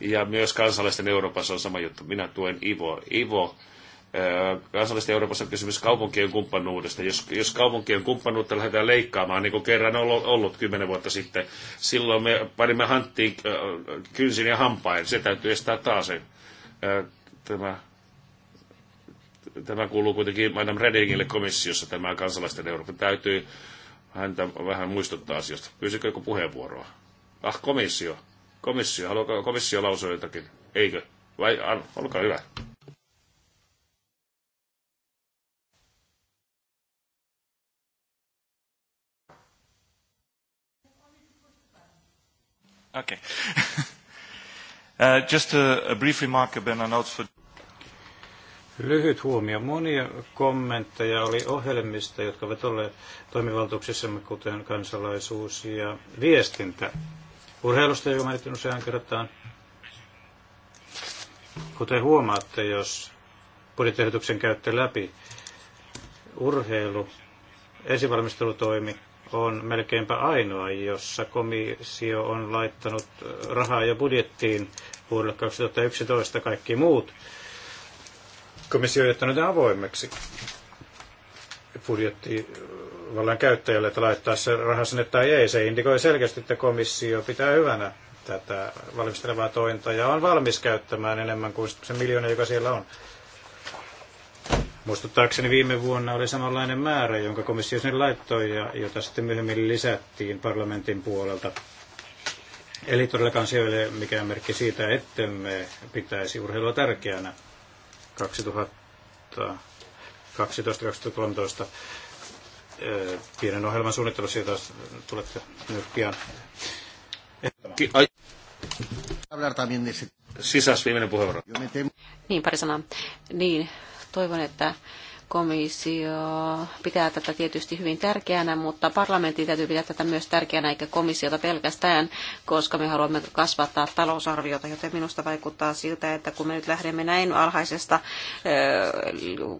ja myös kansalaisten Euroopassa on sama juttu. Minä tuen Ivo. Ivo kansallisesti Euroopassa on kysymys kaupunkien kumppanuudesta. Jos, jos kaupunkien kumppanuutta lähdetään leikkaamaan, niin kuin kerran on ollut kymmenen vuotta sitten, silloin me panimme hanttiin kynsin ja hampain. Se täytyy estää taas. Tämä, tämä kuuluu kuitenkin Madame Redingille komissiossa, tämä kansalaisten Eurooppa. Täytyy häntä vähän muistuttaa asiasta. Pyysikö joku puheenvuoroa? Ah, komissio. Komissio. Haluaako komissio lausua jotakin? Eikö? Vai, olkaa hyvä. Okay. Uh, just a, brief remark, about a note for... Lyhyt huomio. Monia kommentteja oli ohjelmista, jotka ovat olleet toimivaltuuksissamme, kuten kansalaisuus ja viestintä. Urheilusta jo mainittiin usean kertaan. Kuten huomaatte, jos budjettiehdotuksen käytte läpi, urheilu, esivalmistelutoimi, on melkeinpä ainoa, jossa komissio on laittanut rahaa jo budjettiin vuodelle 2011 kaikki muut. Komissio on jättänyt avoimeksi budjettivallan käyttäjälle, että laittaa se raha sinne tai ei. Se indikoi selkeästi, että komissio pitää hyvänä tätä valmistelevaa tointa ja on valmis käyttämään enemmän kuin se miljoona, joka siellä on. Muistuttaakseni viime vuonna oli samanlainen määrä, jonka komissio sinne laittoi ja jota sitten myöhemmin lisättiin parlamentin puolelta. Eli todellakaan se ei ole mikään merkki siitä, ettemme pitäisi urheilua tärkeänä 2012-2013 eh, pienen ohjelman suunnittelussa, jota tulette nyt pian Sisäs viimeinen puheenvuoro. Niin, pari sanaa. Niin, Toivon, että komissio pitää tätä tietysti hyvin tärkeänä, mutta parlamentti täytyy pitää tätä myös tärkeänä, eikä komissiota pelkästään, koska me haluamme kasvattaa talousarviota, joten minusta vaikuttaa siltä, että kun me nyt lähdemme näin alhaisesta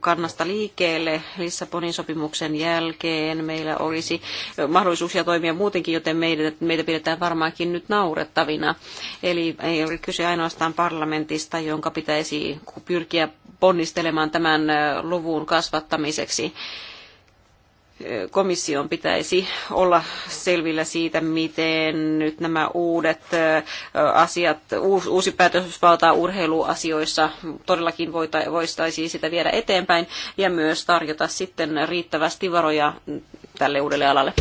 kannasta liikkeelle Lissabonin sopimuksen jälkeen, meillä olisi mahdollisuuksia toimia muutenkin, joten meitä, pidetään varmaankin nyt naurettavina. Eli ei ole kyse ainoastaan parlamentista, jonka pitäisi pyrkiä ponnistelemaan tämän luvun kasvattamiseksi. Komission pitäisi olla selvillä siitä, miten nyt nämä uudet asiat, uusi päätösvalta urheiluasioissa todellakin voitaisiin sitä viedä eteenpäin ja myös tarjota sitten riittävästi varoja tälle uudelle alalle.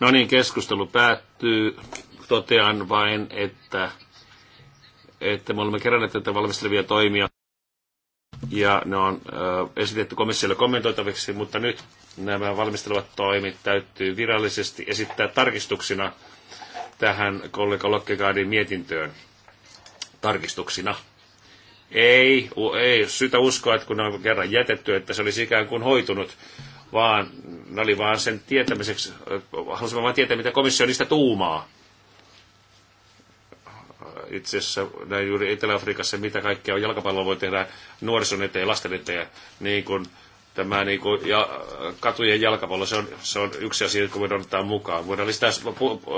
No niin, keskustelu päättyy. Totean vain, että, että me olemme keränneet tätä valmistelevia toimia ja ne on esitetty komissiolle kommentoitaviksi, mutta nyt nämä valmistelevat toimit täytyy virallisesti esittää tarkistuksina tähän kollega Lokkegaardin mietintöön tarkistuksina. Ei, ei syytä uskoa, että kun ne on kerran jätetty, että se olisi ikään kuin hoitunut, vaan ne oli vaan sen tietämiseksi, halusimme vain tietää, mitä komissio niistä tuumaa itse asiassa näin juuri Etelä-Afrikassa, mitä kaikkea jalkapalloa voi tehdä nuorison eteen, lasten eteen, niin kuin tämä niin kuin, ja, äh, katujen jalkapallo, se on, se on yksi asia, joka voidaan ottaa mukaan. Voidaan lisätä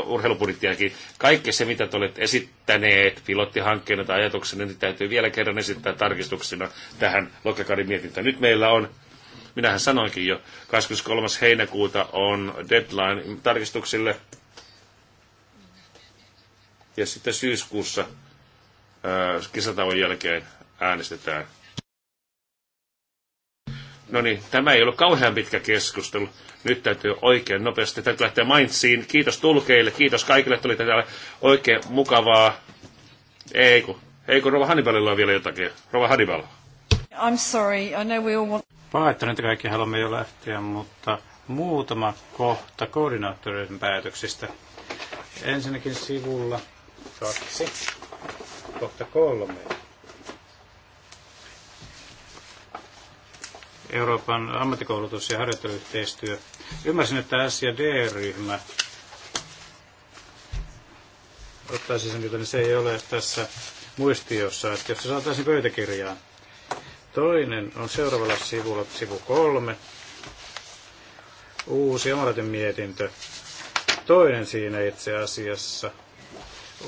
urheilupudittiakin. Kaikki se, mitä te olette esittäneet pilottihankkeena tai ajatuksena, niin täytyy vielä kerran esittää tarkistuksena tähän Lokkakarin mietintään. Nyt meillä on minähän sanoinkin jo, 23. heinäkuuta on deadline tarkistuksille ja sitten syyskuussa kesätauon jälkeen äänestetään. No niin, tämä ei ollut kauhean pitkä keskustelu. Nyt täytyy oikein nopeasti, täytyy lähteä Mainziin. Kiitos tulkeille, kiitos kaikille, tuli täällä oikein mukavaa. Ei kun, ei kun Rova Hannibalilla on vielä jotakin. Rova Hannibal. I'm sorry, I know we all want... Paha, että kaikki haluamme jo lähteä, mutta muutama kohta koordinaattoreiden päätöksistä. Ensinnäkin sivulla kaksi, kohta kolme. Euroopan ammattikoulutus- ja harjoitteluyhteistyö. Ymmärsin, että S- ja D-ryhmä ottaisi sen, joten se ei ole tässä muistiossa, että jos se saataisiin pöytäkirjaan. Toinen on seuraavalla sivulla, sivu kolme. Uusi omalaiten mietintö. Toinen siinä itse asiassa –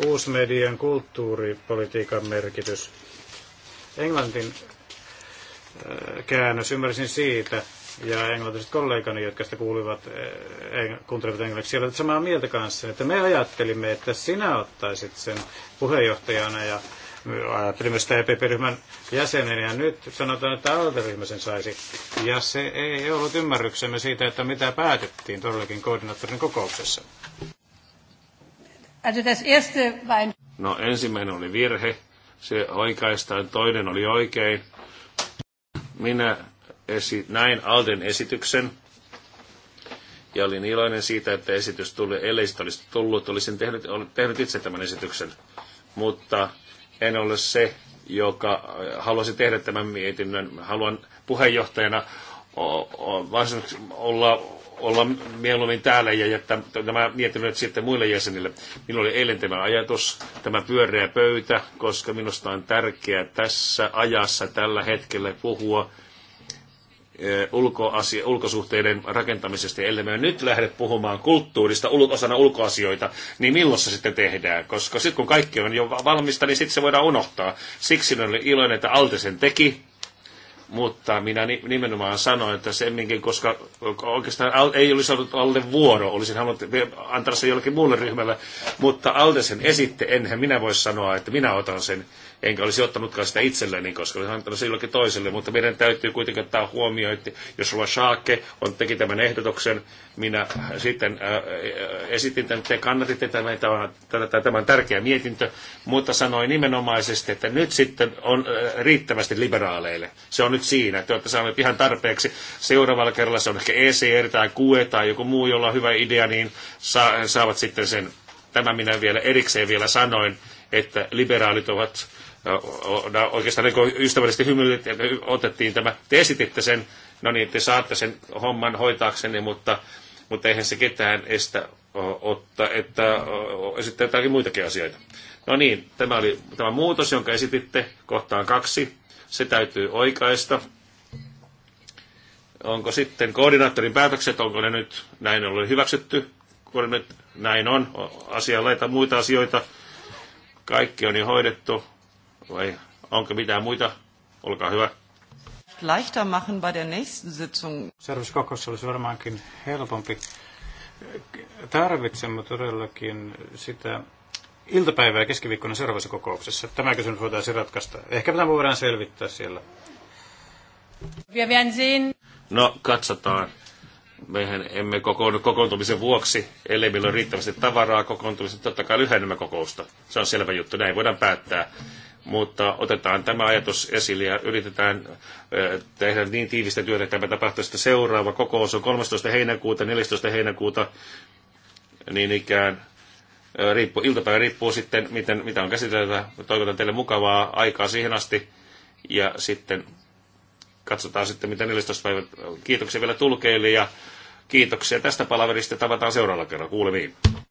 uusmedian kulttuuripolitiikan merkitys. Englantin äh, käännös ymmärsin siitä, ja englantilaiset kollegani, jotka sitä kuulivat, äh, kuuntelivat englanniksi, siellä samaa mieltä kanssa, että me ajattelimme, että sinä ottaisit sen puheenjohtajana ja ajattelimme sitä EPP-ryhmän jäsenen ja nyt sanotaan, että aloiteryhmä sen saisi. Ja se ei ollut ymmärryksemme siitä, että mitä päätettiin todellakin koordinaattorin kokouksessa. No ensimmäinen oli virhe, se oikaistaan, toinen oli oikein. Minä esi- näin Alden esityksen ja olin iloinen siitä, että esitys tuli. Ellei sitä olisi tullut, olisin tehnyt, olen tehnyt itse tämän esityksen. Mutta en ole se, joka äh, haluaisi tehdä tämän mietinnön. Haluan puheenjohtajana olla olla mieluummin täällä ja jättää nämä mietinnöt sitten muille jäsenille. Minulla oli eilen tämä ajatus, tämä pyöreä pöytä, koska minusta on tärkeää tässä ajassa tällä hetkellä puhua eh, ulkoasia, ulkosuhteiden rakentamisesta, ellei me nyt lähde puhumaan kulttuurista osana ulkoasioita, niin milloin se sitten tehdään? Koska sitten kun kaikki on jo valmista, niin sitten se voidaan unohtaa. Siksi olen iloinen, että Alte sen teki, mutta minä nimenomaan sanoin, että semminkin, koska oikeastaan ei olisi ollut alle vuoro, olisin halunnut antaa sen jollekin muulle ryhmälle, mutta Alde sen esitte, enhän minä voi sanoa, että minä otan sen, enkä olisi ottanutkaan sitä itselleni, koska olisin antanut sen jollekin toiselle, mutta meidän täytyy kuitenkin ottaa huomioon, että jos Rua Shaake on teki tämän ehdotuksen, minä sitten äh, äh esitin tämän, te kannatitte tämän, tämän, tämän tärkeä mietintö, mutta sanoin nimenomaisesti, että nyt sitten on äh, riittävästi liberaaleille. Se on nyt siinä. että olette saaneet ihan tarpeeksi. Seuraavalla kerralla se on ehkä ECR tai QE tai joku muu, jolla on hyvä idea, niin sa- saavat sitten sen. Tämä minä vielä erikseen vielä sanoin, että liberaalit ovat oikeastaan niin ystävällisesti hymyilyt, otettiin tämä, te esititte sen, no niin, te saatte sen homman hoitaakseni, mutta, mutta eihän se ketään estä otta, että esittää jotakin muitakin asioita. No niin, tämä oli tämä muutos, jonka esititte kohtaan kaksi. Se täytyy oikaista. Onko sitten koordinaattorin päätökset, onko ne nyt näin ollut hyväksytty? Kun nyt näin on, asianlaita muita asioita, kaikki on jo hoidettu, vai onko mitään muita? Olkaa hyvä leichter machen bei der nächsten Sitzung. Seuraavuskokous olisi varmaankin helpompi. Tarvitsemme todellakin sitä iltapäivää keskiviikkona seuraavassa kokouksessa. Tämä kysymys voitaisiin ratkaista. Ehkä tämä voidaan selvittää siellä. No, katsotaan. Mehän emme kokoonnut kokoontumisen vuoksi, ellei meillä ole riittävästi tavaraa kokoontumisen. Totta kai lyhennämme kokousta. Se on selvä juttu. Näin voidaan päättää. Mutta otetaan tämä ajatus esille ja yritetään eh, tehdä niin tiivistä työtä, että tämä tapahtuu sitten seuraava kokous on 13. heinäkuuta, 14. heinäkuuta, niin ikään riippu, iltapäivä riippuu sitten, miten, mitä on käsitelty. Toivotan teille mukavaa aikaa siihen asti. Ja sitten katsotaan sitten, mitä 14 päivä. Kiitoksia vielä tulkeille ja kiitoksia tästä palaverista. Tavataan seuraavalla kerralla. Kuulemiin.